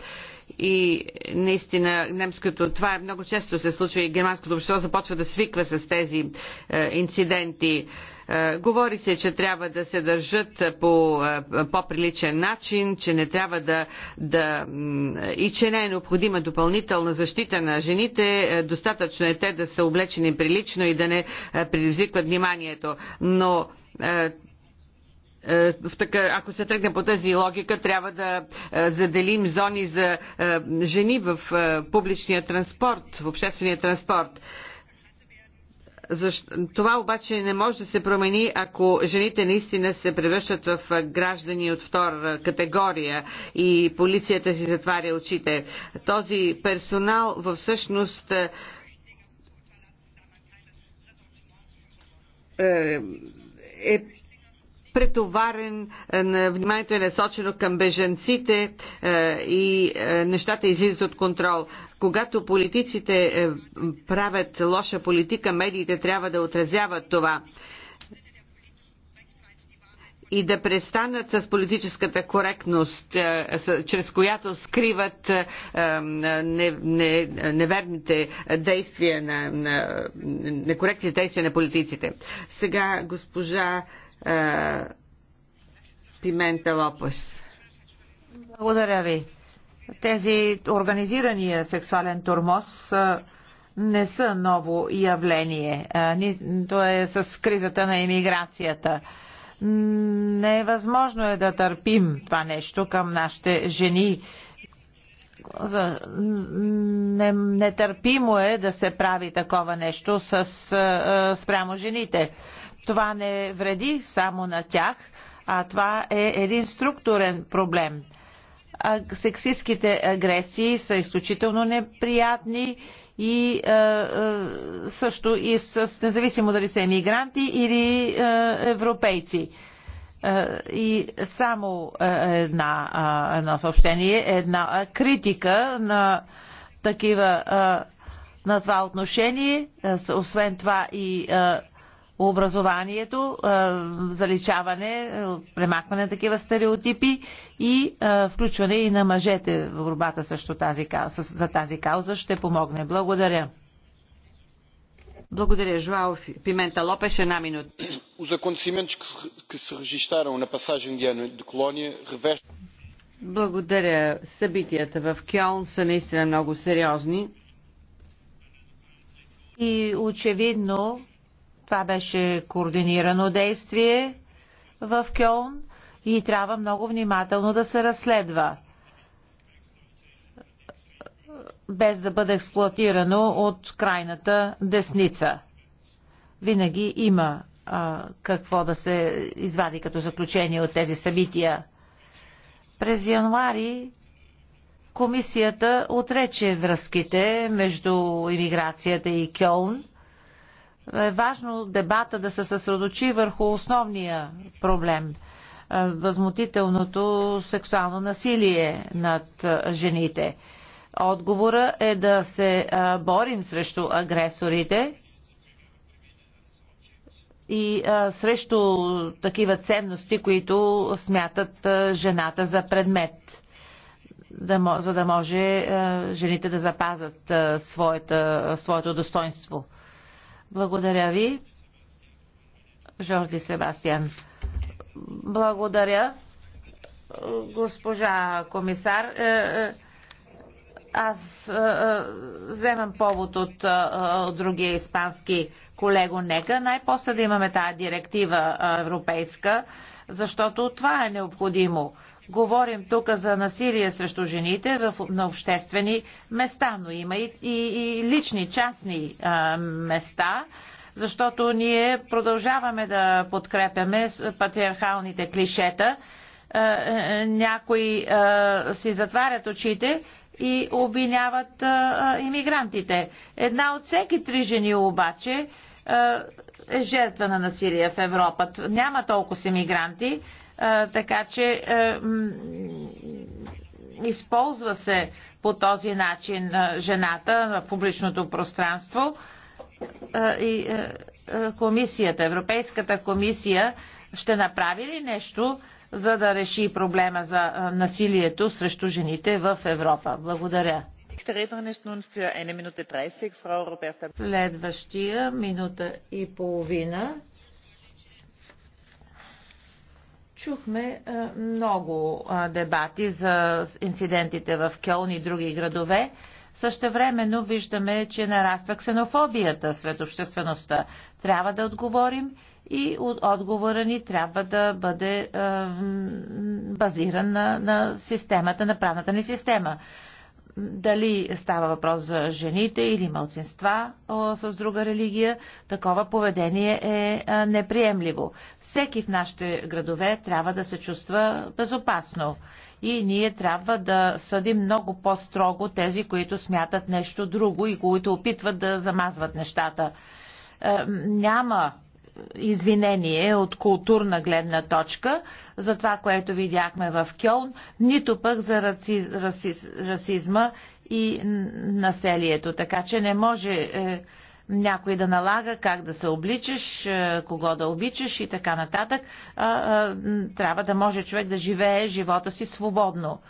и наистина немското, това е много често се случва и германското общество започва да свиква с тези е, инциденти. Е, говори се, че трябва да се държат по е, по-приличен начин, че не трябва да, да и че не е необходима допълнителна защита на жените. Е, достатъчно е те да са облечени прилично и да не е, предизвикват вниманието. Но е, е, ако се тръгне по тази логика, трябва да е, заделим зони за е, жени в публичния транспорт, в обществения транспорт. Това обаче не може да се промени, ако жените наистина се превръщат в граждани от втора категория и полицията си затваря очите. Този персонал във всъщност е претоварен, е, вниманието е насочено към беженците е, и е, нещата излизат от контрол. Когато политиците правят лоша политика, медиите трябва да отразяват това и да престанат с политическата коректност, чрез която скриват неверните действия на, на некоректните действия на политиците. Сега госпожа е, пимента Лопес. Благодаря ви. Тези организирания сексуален турмоз е, не са ново явление. Е, то е с кризата на иммиграцията. Невъзможно е да търпим това нещо към нашите жени. Нетърпимо е да се прави такова нещо с, спрямо жените. Това не вреди само на тях, а това е един структурен проблем. А, сексистските агресии са изключително неприятни и а, е, а, е, също и с, независимо дали са емигранти или а, е, европейци. А, и само една, а, едно съобщение, една критика на такива а, на това отношение, освен това и а, образованието, заличаване, премахване на такива стереотипи и включване и на мъжете в борбата също тази, за тази кауза ще помогне. Благодаря. Благодаря, Жуал Пимента Лопеш, една минута. Os acontecimentos que se registaram na passagem de ano de Colónia revestem... Благодаря. Събитията в Кьолн са наистина много сериозни. И очевидно това беше координирано действие в Кьон и трябва много внимателно да се разследва, без да бъде експлуатирано от крайната десница. Винаги има а, какво да се извади като заключение от тези събития. През януари комисията отрече връзките между иммиграцията и Кьолн е важно дебата да се съсредочи върху основния проблем е, възмутителното сексуално насилие над е, жените. Отговора е да се е, борим срещу агресорите и срещу такива ценности, които смятат жената за предмет за да може жените да запазят своята, своето достоинство. Благодаря ви. Жорди Себастиан. Благодаря, госпожа комисар. Е, е, аз е, вземам повод от другия испански колего. Нека най-после да имаме тази директива европейска, защото това е необходимо. Говорим тук за насилие срещу жените в, на обществени места, но има и, и, и лични, частни а, места, защото ние продължаваме да подкрепяме патриархалните клишета. А, а, е, е, някои а, си затварят очите и обвиняват а, а, иммигрантите. Една от всеки три жени обаче е жертва на насилие в Европа. Няма толкова си мигранти, така че използва се по този начин жената на публичното пространство и комисията, Европейската комисия ще направи ли нещо, за да реши проблема за насилието срещу жените в Европа? Благодаря. Следващия минута и половина. Чухме много дебати за инцидентите в Кьолн и други градове. Същевременно виждаме, че нараства ксенофобията сред обществеността. Трябва да отговорим и отговора ни трябва да бъде базиран на, на системата, на правната ни система дали става въпрос за жените или мълцинства с друга религия, такова поведение е неприемливо. Всеки в нашите градове трябва да се чувства безопасно. И ние трябва да съдим много по-строго тези, които смятат нещо друго и които опитват да замазват нещата. Е, няма извинение от културна гледна точка за това, което видяхме в Кьолн, нито пък за раци, раси, расизма и населието. Така че не може е, някой да налага как да се обличаш, е, кого да обичаш и така нататък. А, а, трябва да може човек да живее живота си свободно,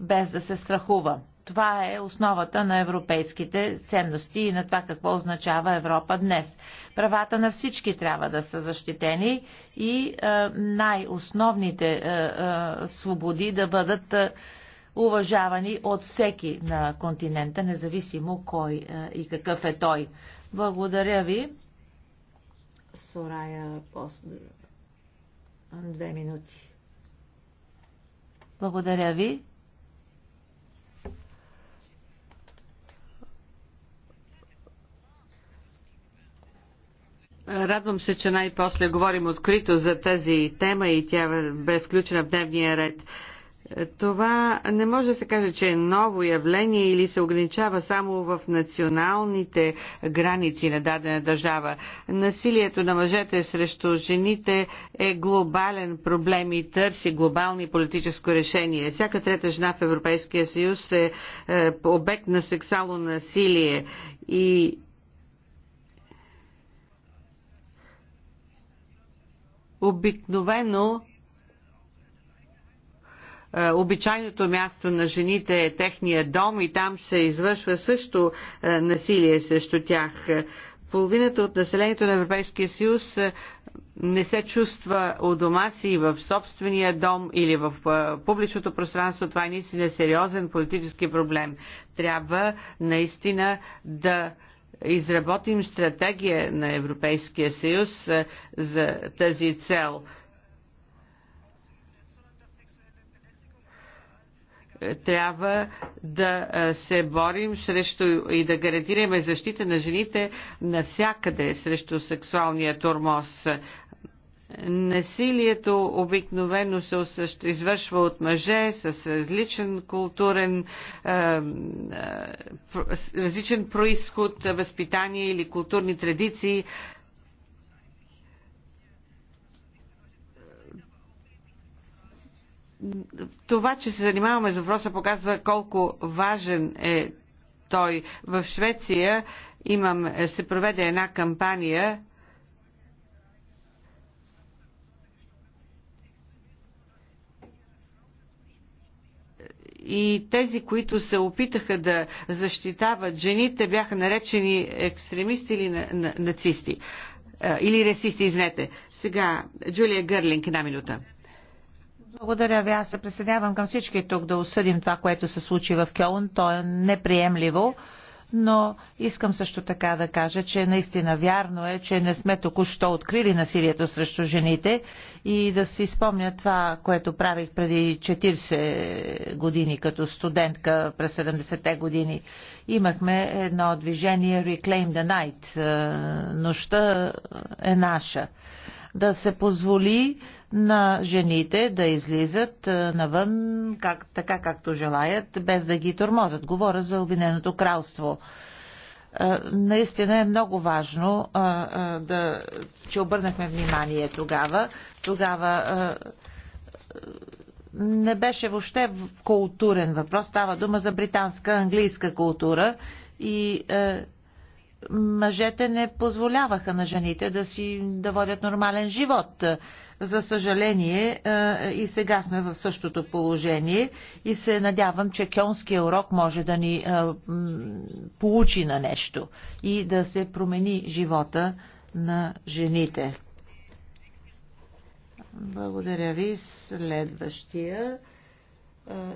без да се страхува. Това е основата на европейските ценности и на това какво означава Европа днес. Правата на всички трябва да са защитени и е, най-основните е, е, свободи да бъдат уважавани от всеки на континента, независимо кой и какъв е той. Благодаря ви. Сорая пост. Две минути. Благодаря ви. Радвам се, че най-после говорим открито за тази тема и тя бе включена в дневния ред. Това не може да се каже, че е ново явление или се ограничава само в националните граници на дадена държава. Насилието на мъжете срещу жените е глобален проблем и търси глобални политическо решение. Всяка трета жена в Европейския съюз е, е обект на сексуално насилие и Обикновено е, обичайното място на жените е техния дом и там се извършва също е, насилие срещу тях. Половината от населението на Европейския съюз е, не се чувства у дома си в собствения дом или в публичното пространство. Това е наистина сериозен политически проблем. Трябва наистина да изработим стратегия на Европейския съюз е, за тази цел. трябва да е, се борим срещу и да гарантираме защита на жените навсякъде срещу сексуалния тормоз. Насилието обикновено се извършва от мъже с различен културен, е, е, различен происход, възпитание или културни традиции. Това, че се занимаваме с въпроса, показва колко важен е той. В Швеция имам, се проведе една кампания и тези, които се опитаха да защитават жените, бяха наречени екстремисти или на, на, нацисти. Или расисти, изнете. Сега, Джулия Гърлинг, една минута. Благодаря ви. Аз се присъединявам към всички тук да осъдим това, което се случи в Кьолн. То е неприемливо но искам също така да кажа, че наистина вярно е, че не сме току-що открили насилието срещу жените и да си спомня това, което правих преди 40 години като студентка през 70-те години. Имахме едно движение Reclaim the Night. Е, нощта е наша. Да се позволи на жените да излизат е, навън как, така както желаят, без да ги тормозят. Говоря за Обиненото кралство. Е, наистина е много важно, е, да, че обърнахме внимание тогава. Тогава не беше въобще културен въпрос. Става дума за британска, английска култура и мъжете не позволяваха на жените да си да водят нормален живот. За съжаление и сега сме в същото положение и се надявам, че кьонския урок може да ни получи на нещо и да се промени живота на жените. Благодаря ви. Следващия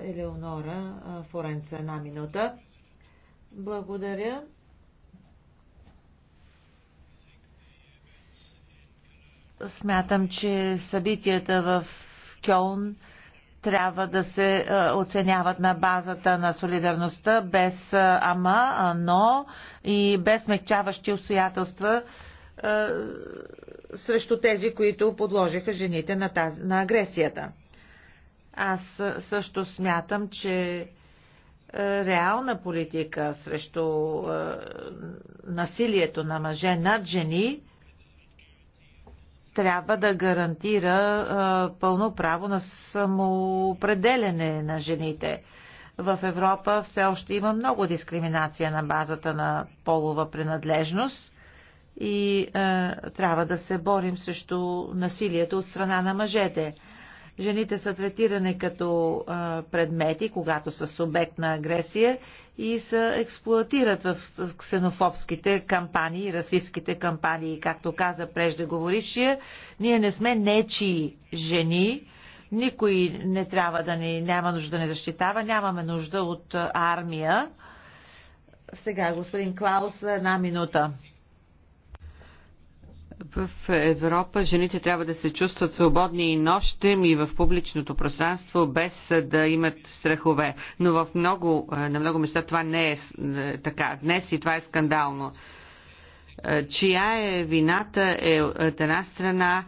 Елеонора Форенца една минута. Благодаря. Смятам, че събитията в Кьолн трябва да се е, оценяват на базата на солидарността, без е, ама, но и без смягчаващи обстоятелства е, срещу тези, които подложиха жените на, тази, на агресията. Аз също смятам, че реална политика срещу насилието на мъже над жени трябва да гарантира а, пълно право на самоопределене на жените. В Европа все още има много дискриминация на базата на полова принадлежност и а, трябва да се борим срещу насилието от страна на мъжете. Жените са третирани като предмети, когато са субект на агресия и се експлуатират в ксенофобските кампании, расистските кампании. Както каза преждеговорившия, ние не сме нечии жени, никой не трябва да ни, няма нужда да ни защитава, нямаме нужда от армия. Сега господин Клаус една минута. В Европа жените трябва да се чувстват свободни и нощем и в публичното пространство, без да имат страхове. Но в много, е, на много места това не е, е така. Днес и това е скандално. Е, чия е вината е от една страна,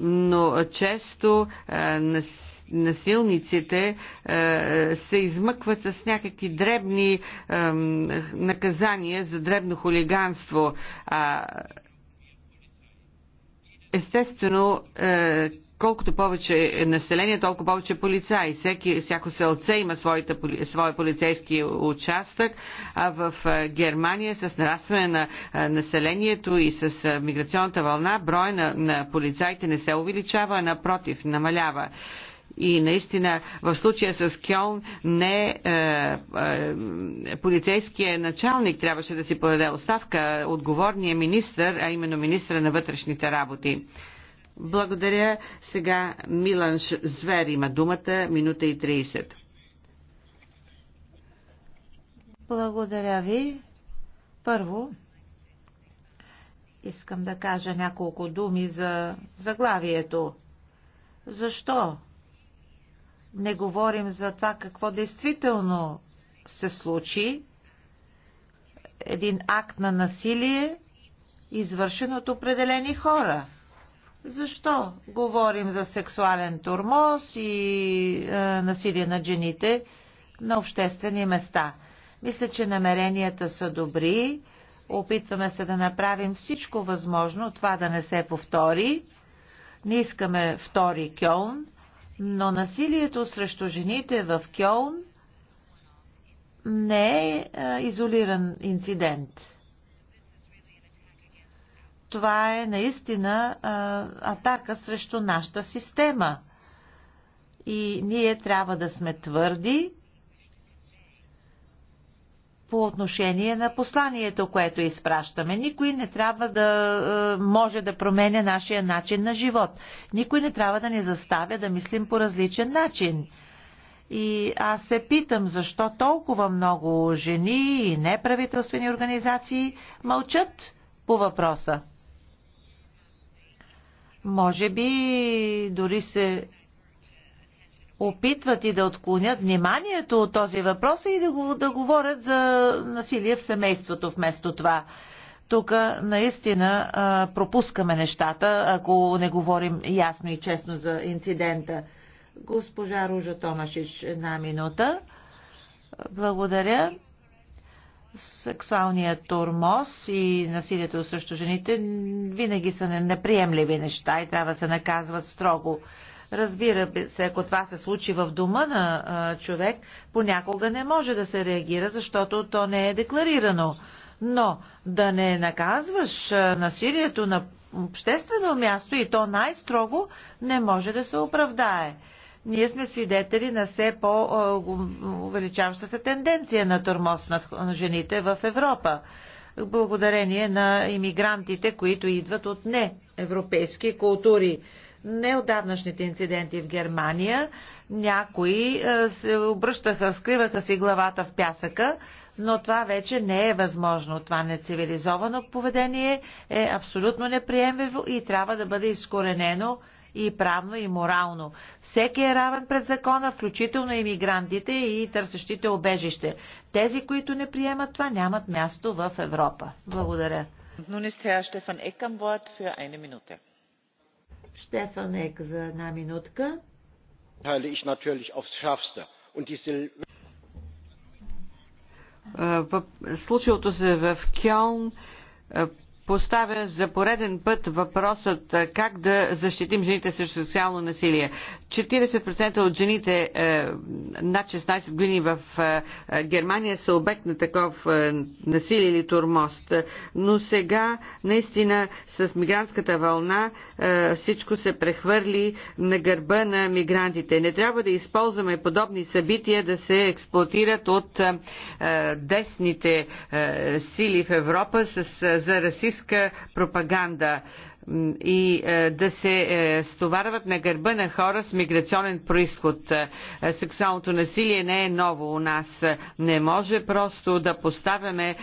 но често насилниците се измъкват с някакви дребни наказания за дребно хулиганство. Естествено, е, колкото повече е население, толкова повече полицаи. Всеки, всяко селце има своята, своя полицейски участък, а в е, Германия с нарастване на е, населението и с миграционната вълна, броя на, на полицаите не се увеличава, а напротив, намалява. И наистина в случая с Кьон не е, е, полицейския началник трябваше да си подаде оставка, отговорния министр, а именно министра на вътрешните работи. Благодаря. Сега Милан Звер има думата, минута и 30. Благодаря ви. Първо, искам да кажа няколко думи за заглавието. Защо не говорим за това какво действително се случи, един акт на насилие, извършен от определени хора. Защо говорим за сексуален турмоз и е, насилие на жените на обществени места? Мисля, че намеренията са добри. Опитваме се да направим всичко възможно това да не се повтори. Не искаме втори кьон. Но насилието срещу жените в Кьолн не е изолиран инцидент. Това е наистина атака срещу нашата система. И ние трябва да сме твърди по отношение на посланието, което изпращаме. Никой не трябва да е, може да променя нашия начин на живот. Никой не трябва да ни заставя да мислим по различен начин. И аз се питам, защо толкова много жени и неправителствени организации мълчат по въпроса. Може би дори се опитват и да отклонят вниманието от този въпрос и да, го, да говорят за насилие в семейството вместо това. Тук наистина а, пропускаме нещата, ако не говорим ясно и честно за инцидента. Госпожа Ружа Томашич, една минута. Благодаря. Сексуалният тормоз и насилието срещу жените винаги са неприемливи неща и трябва да се наказват строго. Разбира се, ако това се случи в дома на а, човек, понякога не може да се реагира, защото то не е декларирано. Но да не наказваш насилието на обществено място и то най-строго не може да се оправдае. Ние сме свидетели на все по-увеличаваща се тенденция на тормоз на жените в Европа, благодарение на иммигрантите, които идват от неевропейски култури неодавнашните инциденти в Германия. Някои е, се обръщаха, скриваха си главата в пясъка, но това вече не е възможно. Това нецивилизовано поведение е абсолютно неприемливо и трябва да бъде изкоренено и правно, и морално. Всеки е равен пред закона, включително и мигрантите и търсещите обежище. Тези, които не приемат това, нямат място в Европа. Благодаря. Nun ist Herr Stefan Eck am Wort für eine Minute. Stefan Eck за една минутка. Е, случилото се в Кьолн е, поставя за пореден път въпросът как да защитим жените срещу социално насилие. 40% от жените е, над 16 години в е, е, Германия са обект на таков насилие или турмост. Но сега наистина с мигрантската вълна всичко се прехвърли на гърба на мигрантите. Не трябва да използваме подобни събития да се експлуатират от десните сили в Европа с, за расист политическа пропаганда и е, да се е, стоварват на гърба на хора с миграционен происход. Е, сексуалното насилие не е ново у нас. Не може просто да поставяме,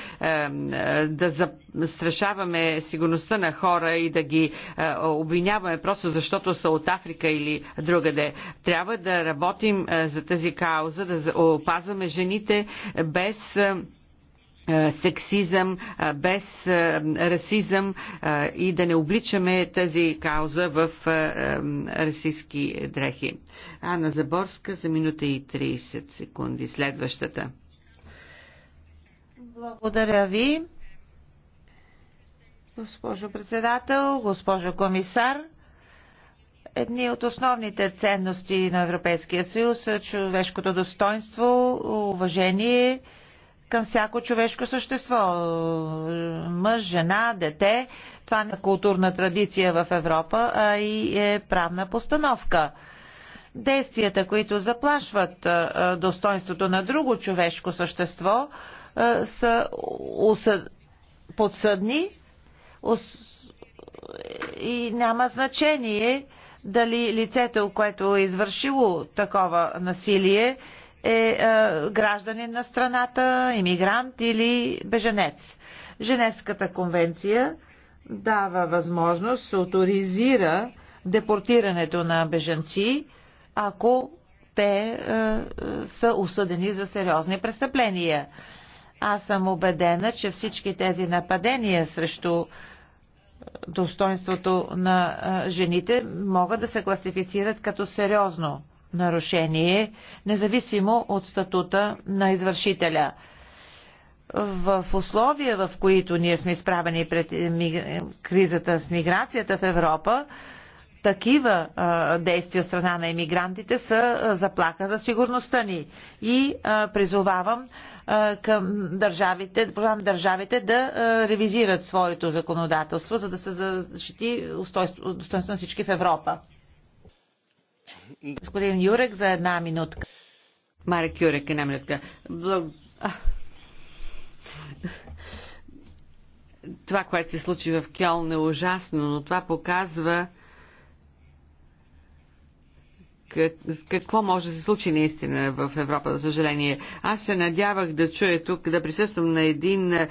да застрашаваме сигурността на хора и да ги обвиняваме просто защото са от Африка или другаде. Трябва да работим за тази кауза, да опазваме жените без е, сексизъм, е, без е, расизъм и да не обличаме тази кауза в расистски дрехи. Ана Заборска за минута и 30 секунди. Следващата. Благодаря ви, госпожо председател, госпожо комисар. Едни от основните ценности на Европейския съюз са човешкото достоинство, уважение, към всяко човешко същество. Мъж, жена, дете. Това не е културна традиция в Европа, а и е правна постановка. Действията, които заплашват достоинството на друго човешко същество, са усъд... подсъдни ус... и няма значение дали лицето, което е извършило такова насилие, е, е гражданин на страната, иммигрант или беженец. Женевската конвенция дава възможност, авторизира депортирането на беженци, ако те е, е, са осъдени за сериозни престъпления. Аз съм убедена, че всички тези нападения срещу достоинството на е, жените могат да се класифицират като сериозно нарушение, независимо от статута на извършителя. В условия, в които ние сме изправени пред кризата с миграцията в Европа, такива а, действия от страна на емигрантите са а, заплаха за сигурността ни. И а, призовавам а, към държавите, призовавам държавите да а, ревизират своето законодателство, за да се защити достоинството на всички в Европа. Господин Юрек за една минутка. Марек Юрек, една минутка. Благ... Това, което се случи в Кьолн е ужасно, но това показва какво може да се случи наистина в Европа, за съжаление. Аз се надявах да чуя тук, да присъствам на един е,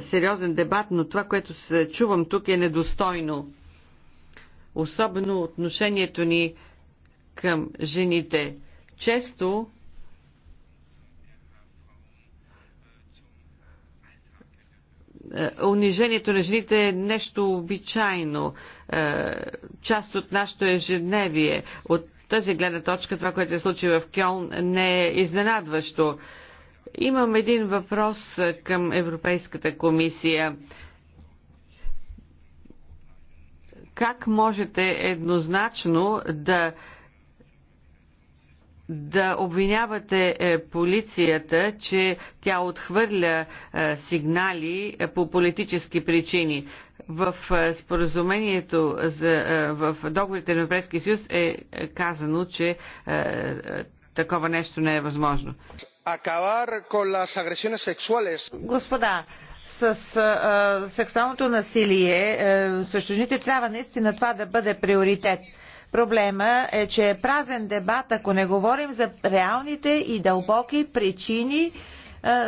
сериозен дебат, но това, което се чувам тук е недостойно. Особено отношението ни към жените. Често е, унижението на жените е нещо обичайно, е, част от нашето ежедневие. От тази гледна точка това, което се случи в Кьолн, не е изненадващо. Имам един въпрос е, към Европейската комисия. Как можете еднозначно да да обвинявате е, полицията, че тя отхвърля е, сигнали е, по политически причини. В споразумението за, в договорите на Европейския съюз е казано, че такова нещо не е възможно. Господа, с а, сексуалното насилие а, срещу трябва наистина това да бъде приоритет. Проблема е, че е празен дебат, ако не говорим за реалните и дълбоки причини,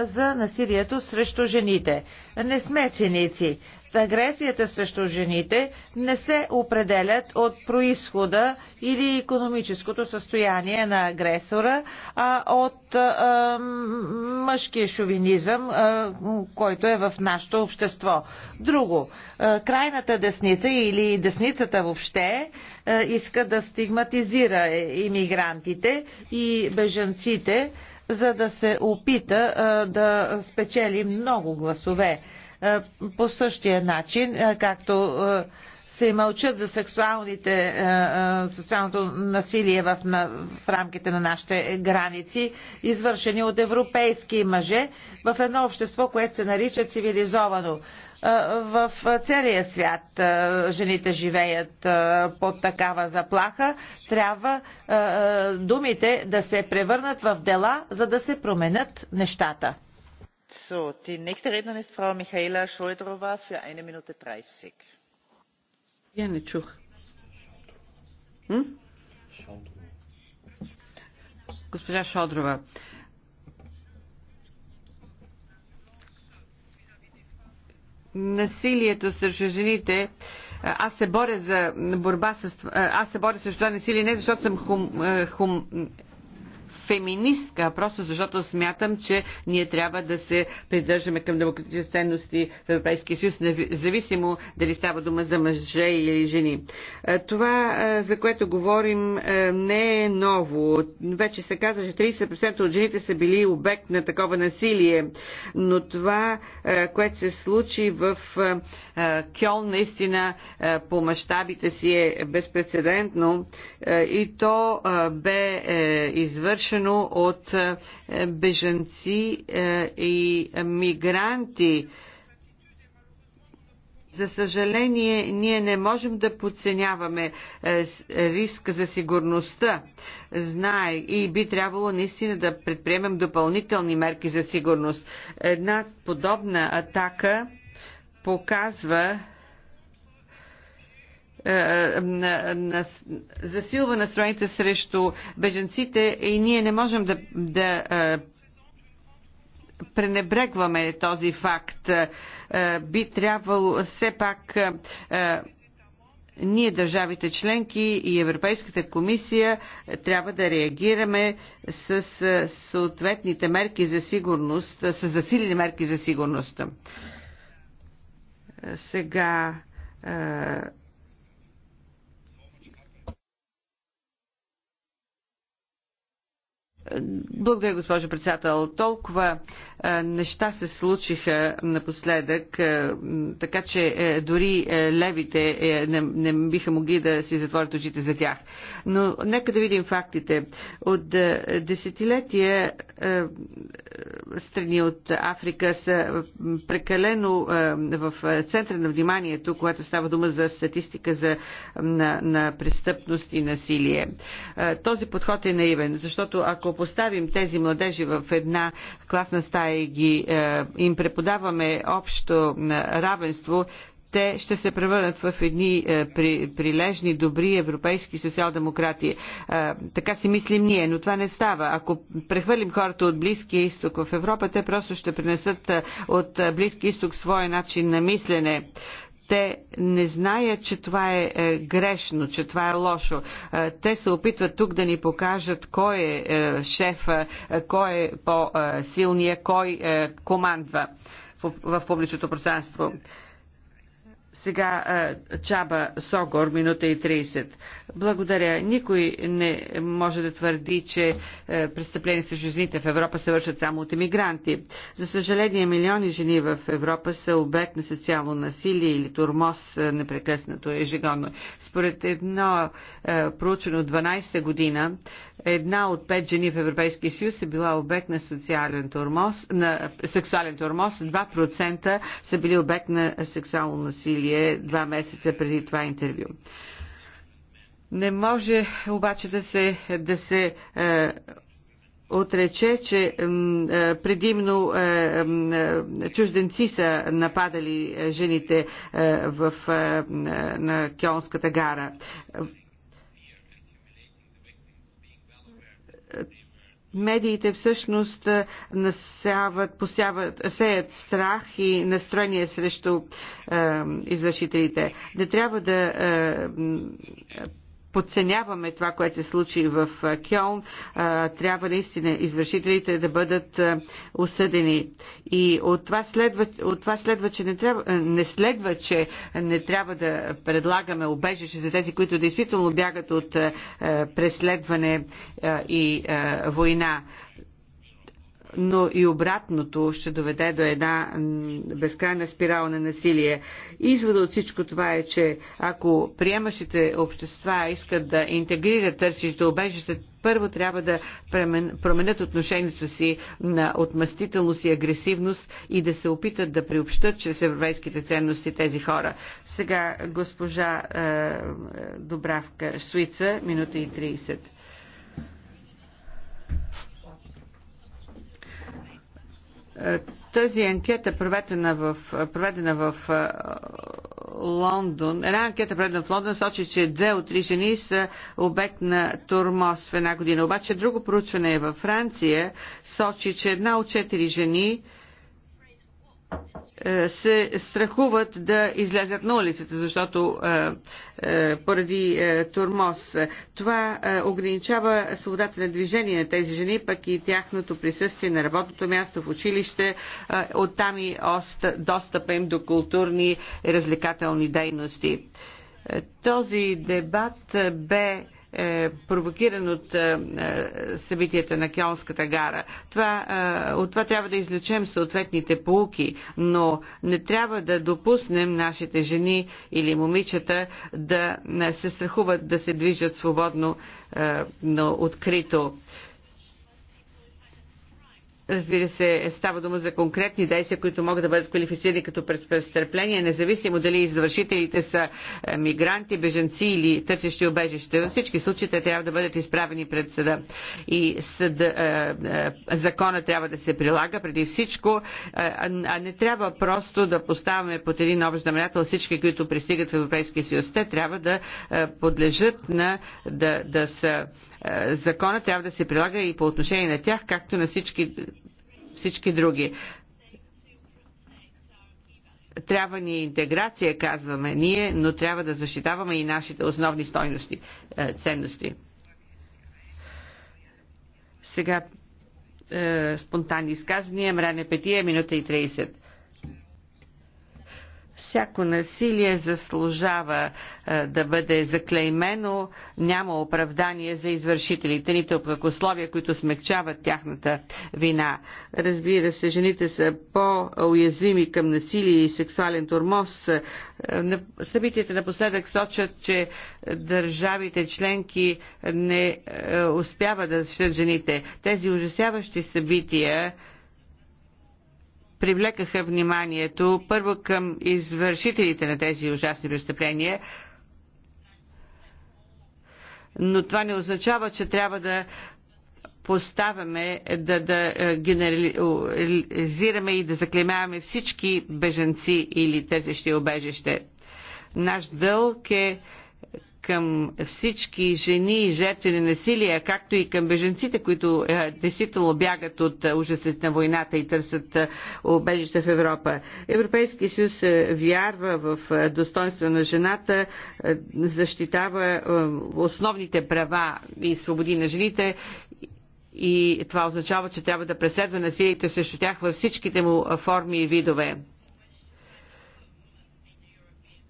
за насилието срещу жените. Не сме циници. Агресията срещу жените не се определят от происхода или економическото състояние на агресора, а от а, мъжкия шовинизъм, а, който е в нашето общество. Друго, а, крайната десница или десницата въобще а, иска да стигматизира е, иммигрантите и бежанците, за да се опита да спечели много гласове по същия начин, както се мълчат за сексуалните, е, е, сексуалното насилие в, на, в рамките на нашите граници, извършени от европейски мъже в едно общество, което се нарича цивилизовано. Е, в целия свят жените живеят под такава заплаха. Трябва думите да се превърнат в дела, за да се променят нещата. So, die nächste Rednerin ist Frau Michaela Scholdrova für eine Minute 30. Я не чух. М? Госпожа Шодрова. Насилието срещу жените аз се боря за борба с... Аз се боря срещу това насилие не защото съм хум, хум, феминистка, просто защото смятам, че ние трябва да се придържаме към демократически ценности в Европейския съюз, независимо дали става дума за мъже или жени. Това, за което говорим, не е ново. Вече се казва, че 30% от жените са били обект на такова насилие, но това, което се случи в Кьол, наистина по мащабите си е безпредседентно и то бе е, извършено именно от е, беженци е, и мигранти. За съжаление, ние не можем да подценяваме е, риск за сигурността. Знае и би трябвало наистина да предприемем допълнителни мерки за сигурност. Една подобна атака показва е, засилва настроените срещу беженците и ние не можем да, да е, пренебрегваме този факт. Е, би трябвало все пак ние, държавите членки и Европейската комисия, трябва да реагираме с съответните мерки за сигурност, с засилени мерки за сигурност. Сега Благодаря, госпожо председател. Толкова неща се случиха напоследък, така че е, дори е, левите е, не, не биха могли да си затворят очите за тях. Но нека да видим фактите. От десетилетия страни от Африка са прекалено в центъра на вниманието, когато става дума за статистика за, на, на престъпност и насилие. Този подход е наивен, защото ако поставим тези младежи в една класна стая и ги, е, им преподаваме общо е, равенство, те ще се превърнат в едни е, при, прилежни, добри европейски социал-демократи. така си мислим ние, но това не става. Ако прехвърлим хората от Близкия изток в Европа, те просто ще принесат от Близкия изток своя начин на мислене те не знаят, че това е, е грешно, че това е лошо. Е, те се опитват тук да ни покажат кой е, е шефа, кой е по-силния, кой командва в публичното пространство. Сега Чаба Согор, минута и 30. Благодаря. Никой не може да твърди, че престъпления с жените в Европа се вършат само от емигранти. За съжаление, милиони жени в Европа са обект на социално насилие или турмоз непрекъснато ежегодно. Според едно проучване от 12-та година, една от пет жени в Европейския съюз е била обект на социален турмоз, на сексуален турмоз, 2% са били обект на сексуално насилие вие два месеца преди това интервю. Не може обаче да се, да се е, отрече, че е, предимно е, е, чужденци са нападали жените е, в, е, е на Кьонската гара. Медиите всъщност насяват, посяват, сеят страх и настроение срещу е, извършителите. Не трябва да е, подценяваме това, което се случи в Кьолн, трябва наистина извършителите да бъдат осъдени. И от това следва, от това следва че не, трябва, не следва, че не трябва да предлагаме обежище за тези, които действително бягат от преследване и война но и обратното ще доведе до една безкрайна спирала на насилие. Извода от всичко това е, че ако приемащите общества искат да интегрират търсещите обежище, първо трябва да променят отношението си на отмъстителност и агресивност и да се опитат да приобщат чрез европейските ценности тези хора. Сега госпожа е, Добравка Суица, минута и 30. Тази анкета, проведена в, проведена в Лондон, една анкета, проведена в Лондон, сочи, че две от три жени са обект на турмоз в една година. Обаче друго проучване е във Франция, сочи, че една от четири жени е, се страхуват да излязат на улицата, защото е, е, поради турмоз. Това ограничава свободата на движение на тези жени, пък и тяхното присъствие на работното място в училище, оттам и достъпа им до културни и развлекателни дейности. Този дебат бе е провокиран от е, е, събитията на Кьонската гара. Това, е, от това трябва да излечем съответните полуки, но не трябва да допуснем нашите жени или момичета да се страхуват да се движат свободно, но открито. Разбира се, става дума за конкретни действия, които могат да бъдат квалифицирани като престъпление, независимо дали извършителите са е, мигранти, беженци или търсещи обежище. Във всички случаи те трябва да бъдат изправени пред съда. И съд, е, е, закона трябва да се прилага преди всичко, а не трябва просто да поставяме под един общ знаменател всички, които пристигат в Европейския съюз. Те трябва да подлежат на да, да са закона трябва да се прилага и по отношение на тях, както на всички всички други. Трябва ни интеграция, казваме ние, но трябва да защитаваме и нашите основни стойности, е, ценности. Сега е, спонтанни изказвания. Мране Петия, минута и 30. Всяко насилие заслужава а, е, да бъде заклеймено. Няма оправдание за извършителите, нито пък условия, които смягчават тяхната вина. Разбира се, жените са по-уязвими към насилие и сексуален турмоз. Е, събитията напоследък сочат, че държавите членки не е, успяват да защитят жените. Тези ужасяващи събития привлекаха вниманието първо към извършителите на тези ужасни престъпления, но това не означава, че трябва да поставяме, да, да е, генерализираме и да заклемяваме всички беженци или търсещи обежище. Наш дълг е към всички жени и жертви на насилие, както и към беженците, които е, действително бягат от е, ужасите на войната и търсят обежища е, в Европа. Европейския съюз е, вярва в достоинство на жената, защитава основните права и свободи на жените и това означава, че трябва да преследва насилието срещу тях във всичките му форми и видове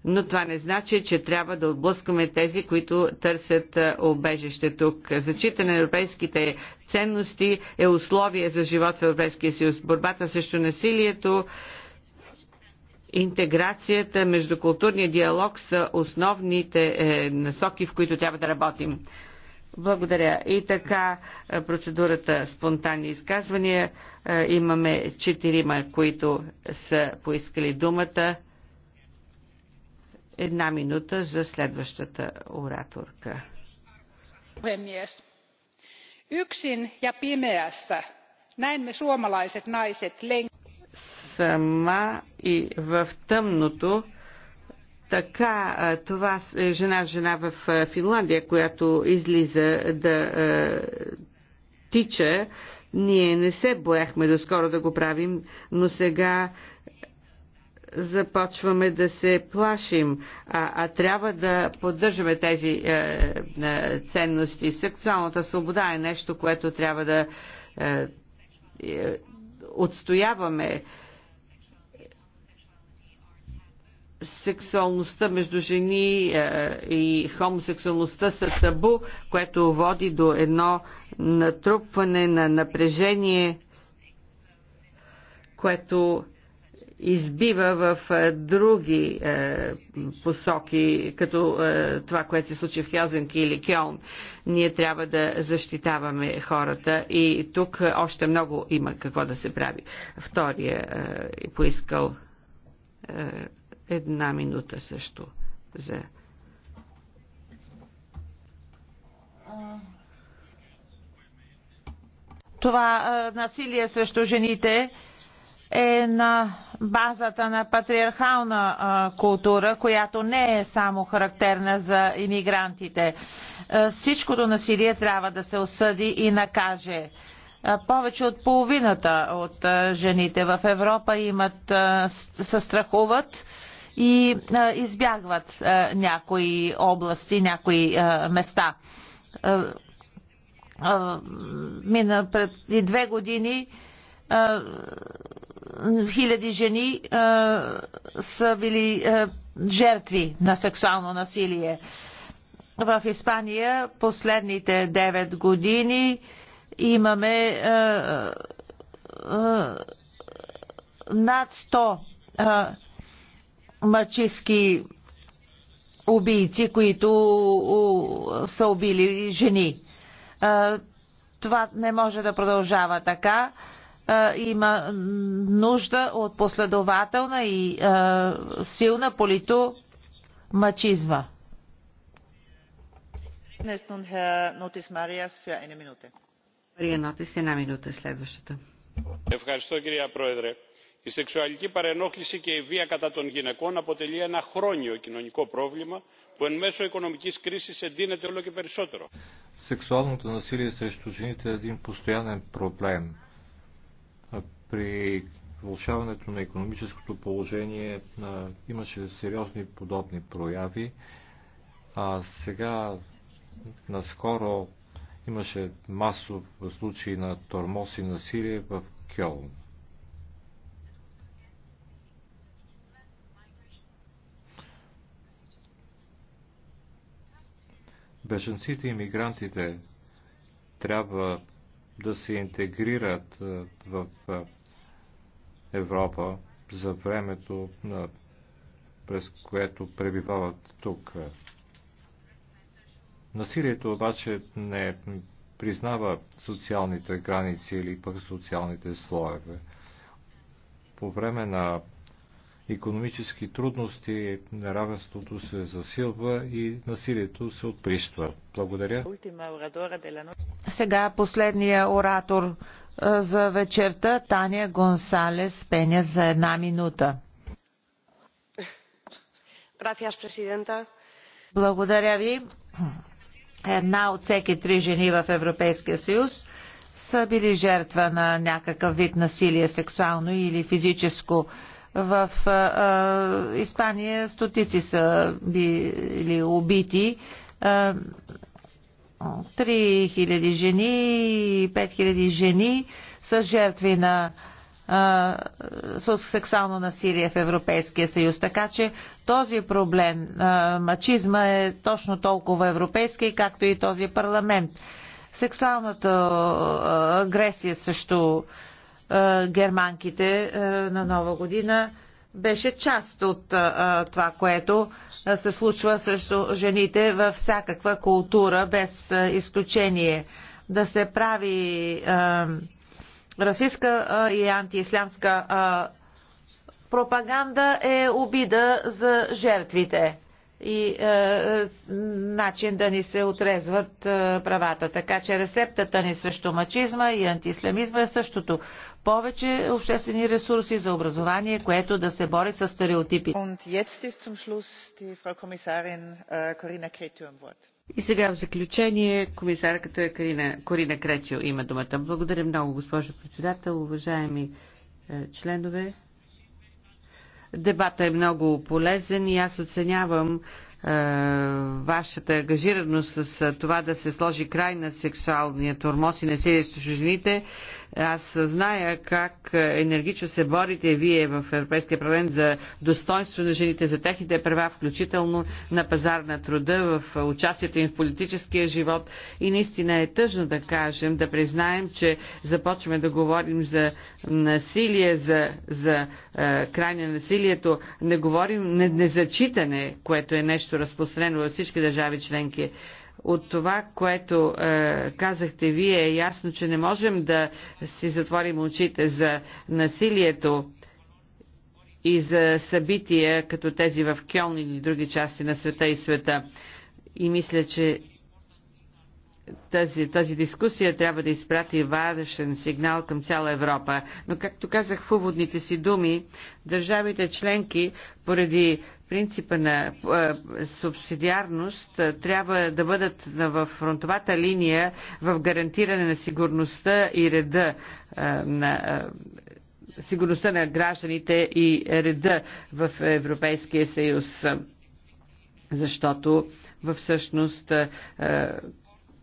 но това не значи, че трябва да отблъскаме тези, които търсят обежище тук. Зачитане на европейските ценности е условие за живот в Европейския съюз. Борбата срещу насилието, интеграцията, междукултурния диалог са основните е, насоки, в които трябва да работим. Благодаря. И така е, процедурата спонтанни изказвания. Е, имаме четирима, които са поискали думата. Една минута за следващата ораторка. Yksin ja pimeässä näin suomalaiset naiset Сама и в тъмното така това е жена жена в Финландия, която излиза да е, тича. Ние не се бояхме доскоро да го правим, но сега започваме да се плашим, а, а трябва да поддържаме тези е, е, ценности. Сексуалната свобода е нещо, което трябва да е, е, отстояваме. Сексуалността между жени е, и хомосексуалността са табу, което води до едно натрупване на напрежение, което избива в е, други е, посоки, като е, това, което се случи в Хелзенки или Кьолн. Ние трябва да защитаваме хората и тук още много има какво да се прави. Втория е поискал е, една минута също за. Това е, насилие срещу жените е на базата на патриархална култура, която не е само характерна за иммигрантите. всичкото насилие трябва да се осъди и накаже. повече от половината от жените в Европа имат, се страхуват и избягват някои области, някои места. мина преди две години хиляди жени а, са били а, жертви на сексуално насилие. В Испания последните 9 години имаме а, а, над 100 а, мачиски убийци, които у, са убили жени. А, това не може да продължава така има нужда от последователна и силна полито мачизма. Мария Нотис, една минута следващата. Ευχαριστώ κυρία Πρόεδρε. Η σεξουαλική παρενόχληση και η βία κατά των γυναικών αποτελεί ένα χρόνιο κοινωνικό πρόβλημα που εν μέσω οικονομικής κρίσης εντείνεται όλο και περισσότερο. Σεξουαλικό насилие срещу жените е един постоянен при влушаването на економическото положение имаше сериозни подобни прояви, а сега наскоро имаше масов случай на тормоз и насилие в Кьолн. Беженците и мигрантите трябва да се интегрират в Европа за времето, през което пребивават тук. Насилието обаче не признава социалните граници или пък социалните слоеве. По време на економически трудности неравенството се засилва и насилието се отприщва. Благодаря. Сега последния оратор за вечерта Таня Гонсалес Пеня за една минута. Благодаря ви. Една от всеки три жени в Европейския съюз са били жертва на някакъв вид насилие, сексуално или физическо. В а, Испания стотици са били убити. А, 3000 жени и 5000 жени са жертви на а, сексуално насилие в Европейския съюз. Така че този проблем, а, мачизма е точно толкова европейски, както и този парламент. Сексуалната агресия също германките на нова година беше част от а, това, което се случва срещу жените във всякаква култура, без а, изключение. Да се прави а, расистска а, и антиислямска пропаганда е обида за жертвите и е, е, начин да ни се отрезват е, правата. Така че рецептата ни срещу мачизма и антислямизма е същото. Повече обществени ресурси за образование, което да се бори с стереотипи. Е, и сега в заключение комисарката Карина, Корина Кречил има думата. Благодаря много, госпожо председател, уважаеми е, членове. Дебата е много полезен и аз оценявам е, вашата ангажираност с е, това да се сложи край на сексуалния тормоз и насилието срещу жените аз зная как енергично се борите вие в Европейския парламент за достоинство на жените, за техните права, включително на пазар на труда, в участието им в политическия живот. И наистина е тъжно да кажем, да признаем, че започваме да говорим за насилие, за, за е, край на насилието. Не говорим незачитане, не което е нещо разпространено във всички държави членки от това, което е, казахте вие, е ясно, че не можем да си затворим очите за насилието и за събития, като тези в Кьолн или други части на света и света. И мисля, че тази, тази дискусия трябва да изпрати важен сигнал към цяла Европа. Но, както казах в уводните си думи, държавите членки, поради принципа на е, субсидиарност, трябва да бъдат в фронтовата линия в гарантиране на сигурността и реда е, на. Е, сигурността на гражданите и реда в Европейския съюз защото всъщност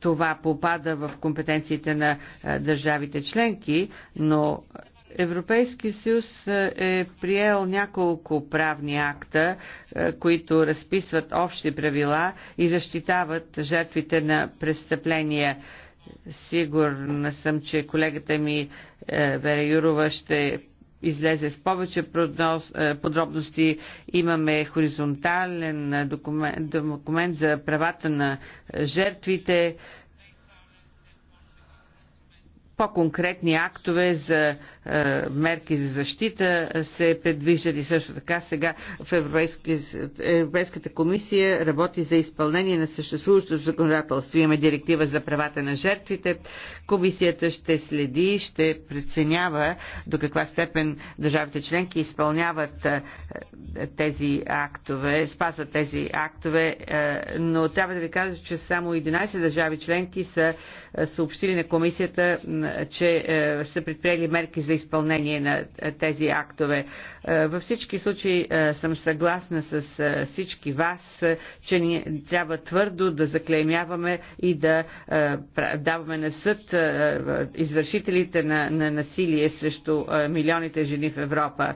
това попада в компетенциите на държавите членки, но Европейски съюз е приел няколко правни акта, които разписват общи правила и защитават жертвите на престъпления. Сигурна съм, че колегата ми е, Вера Юрова ще излезе с повече е, подробности. Имаме хоризонтален е, документ, за правата на жертвите, по-конкретни актове за е, мерки за защита се предвиждат и също така сега в Европейски, Европейската комисия работи за изпълнение на съществуващото законодателство. Имаме директива за правата на жертвите. Комисията ще следи, ще преценява до каква степен държавите членки изпълняват е, тези актове, спазват тези актове, е, но трябва да ви кажа, че само 11 държави членки са съобщили на комисията, че са предприели мерки за изпълнение на е, тези актове. Е, във всички случаи е, съм съгласна с всички вас, че ни трябва твърдо да заклеймяваме и да даваме на съд извършителите на, на насилие срещу милионите жени в Европа.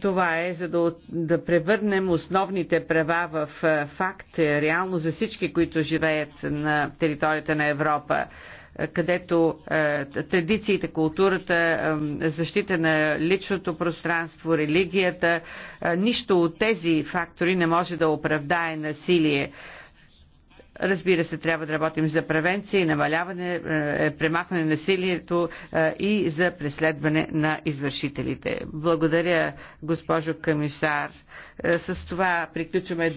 Това е за да, да превърнем основните права в факт, реално за всички, които живеят на територията на Европа където е, традициите, културата, е, защита на личното пространство, религията, е, нищо от тези фактори не може да оправдае насилие. Разбира се, трябва да работим за превенция и намаляване, премахване на насилието и за преследване на извършителите. Благодаря, госпожо комисар. С това приключваме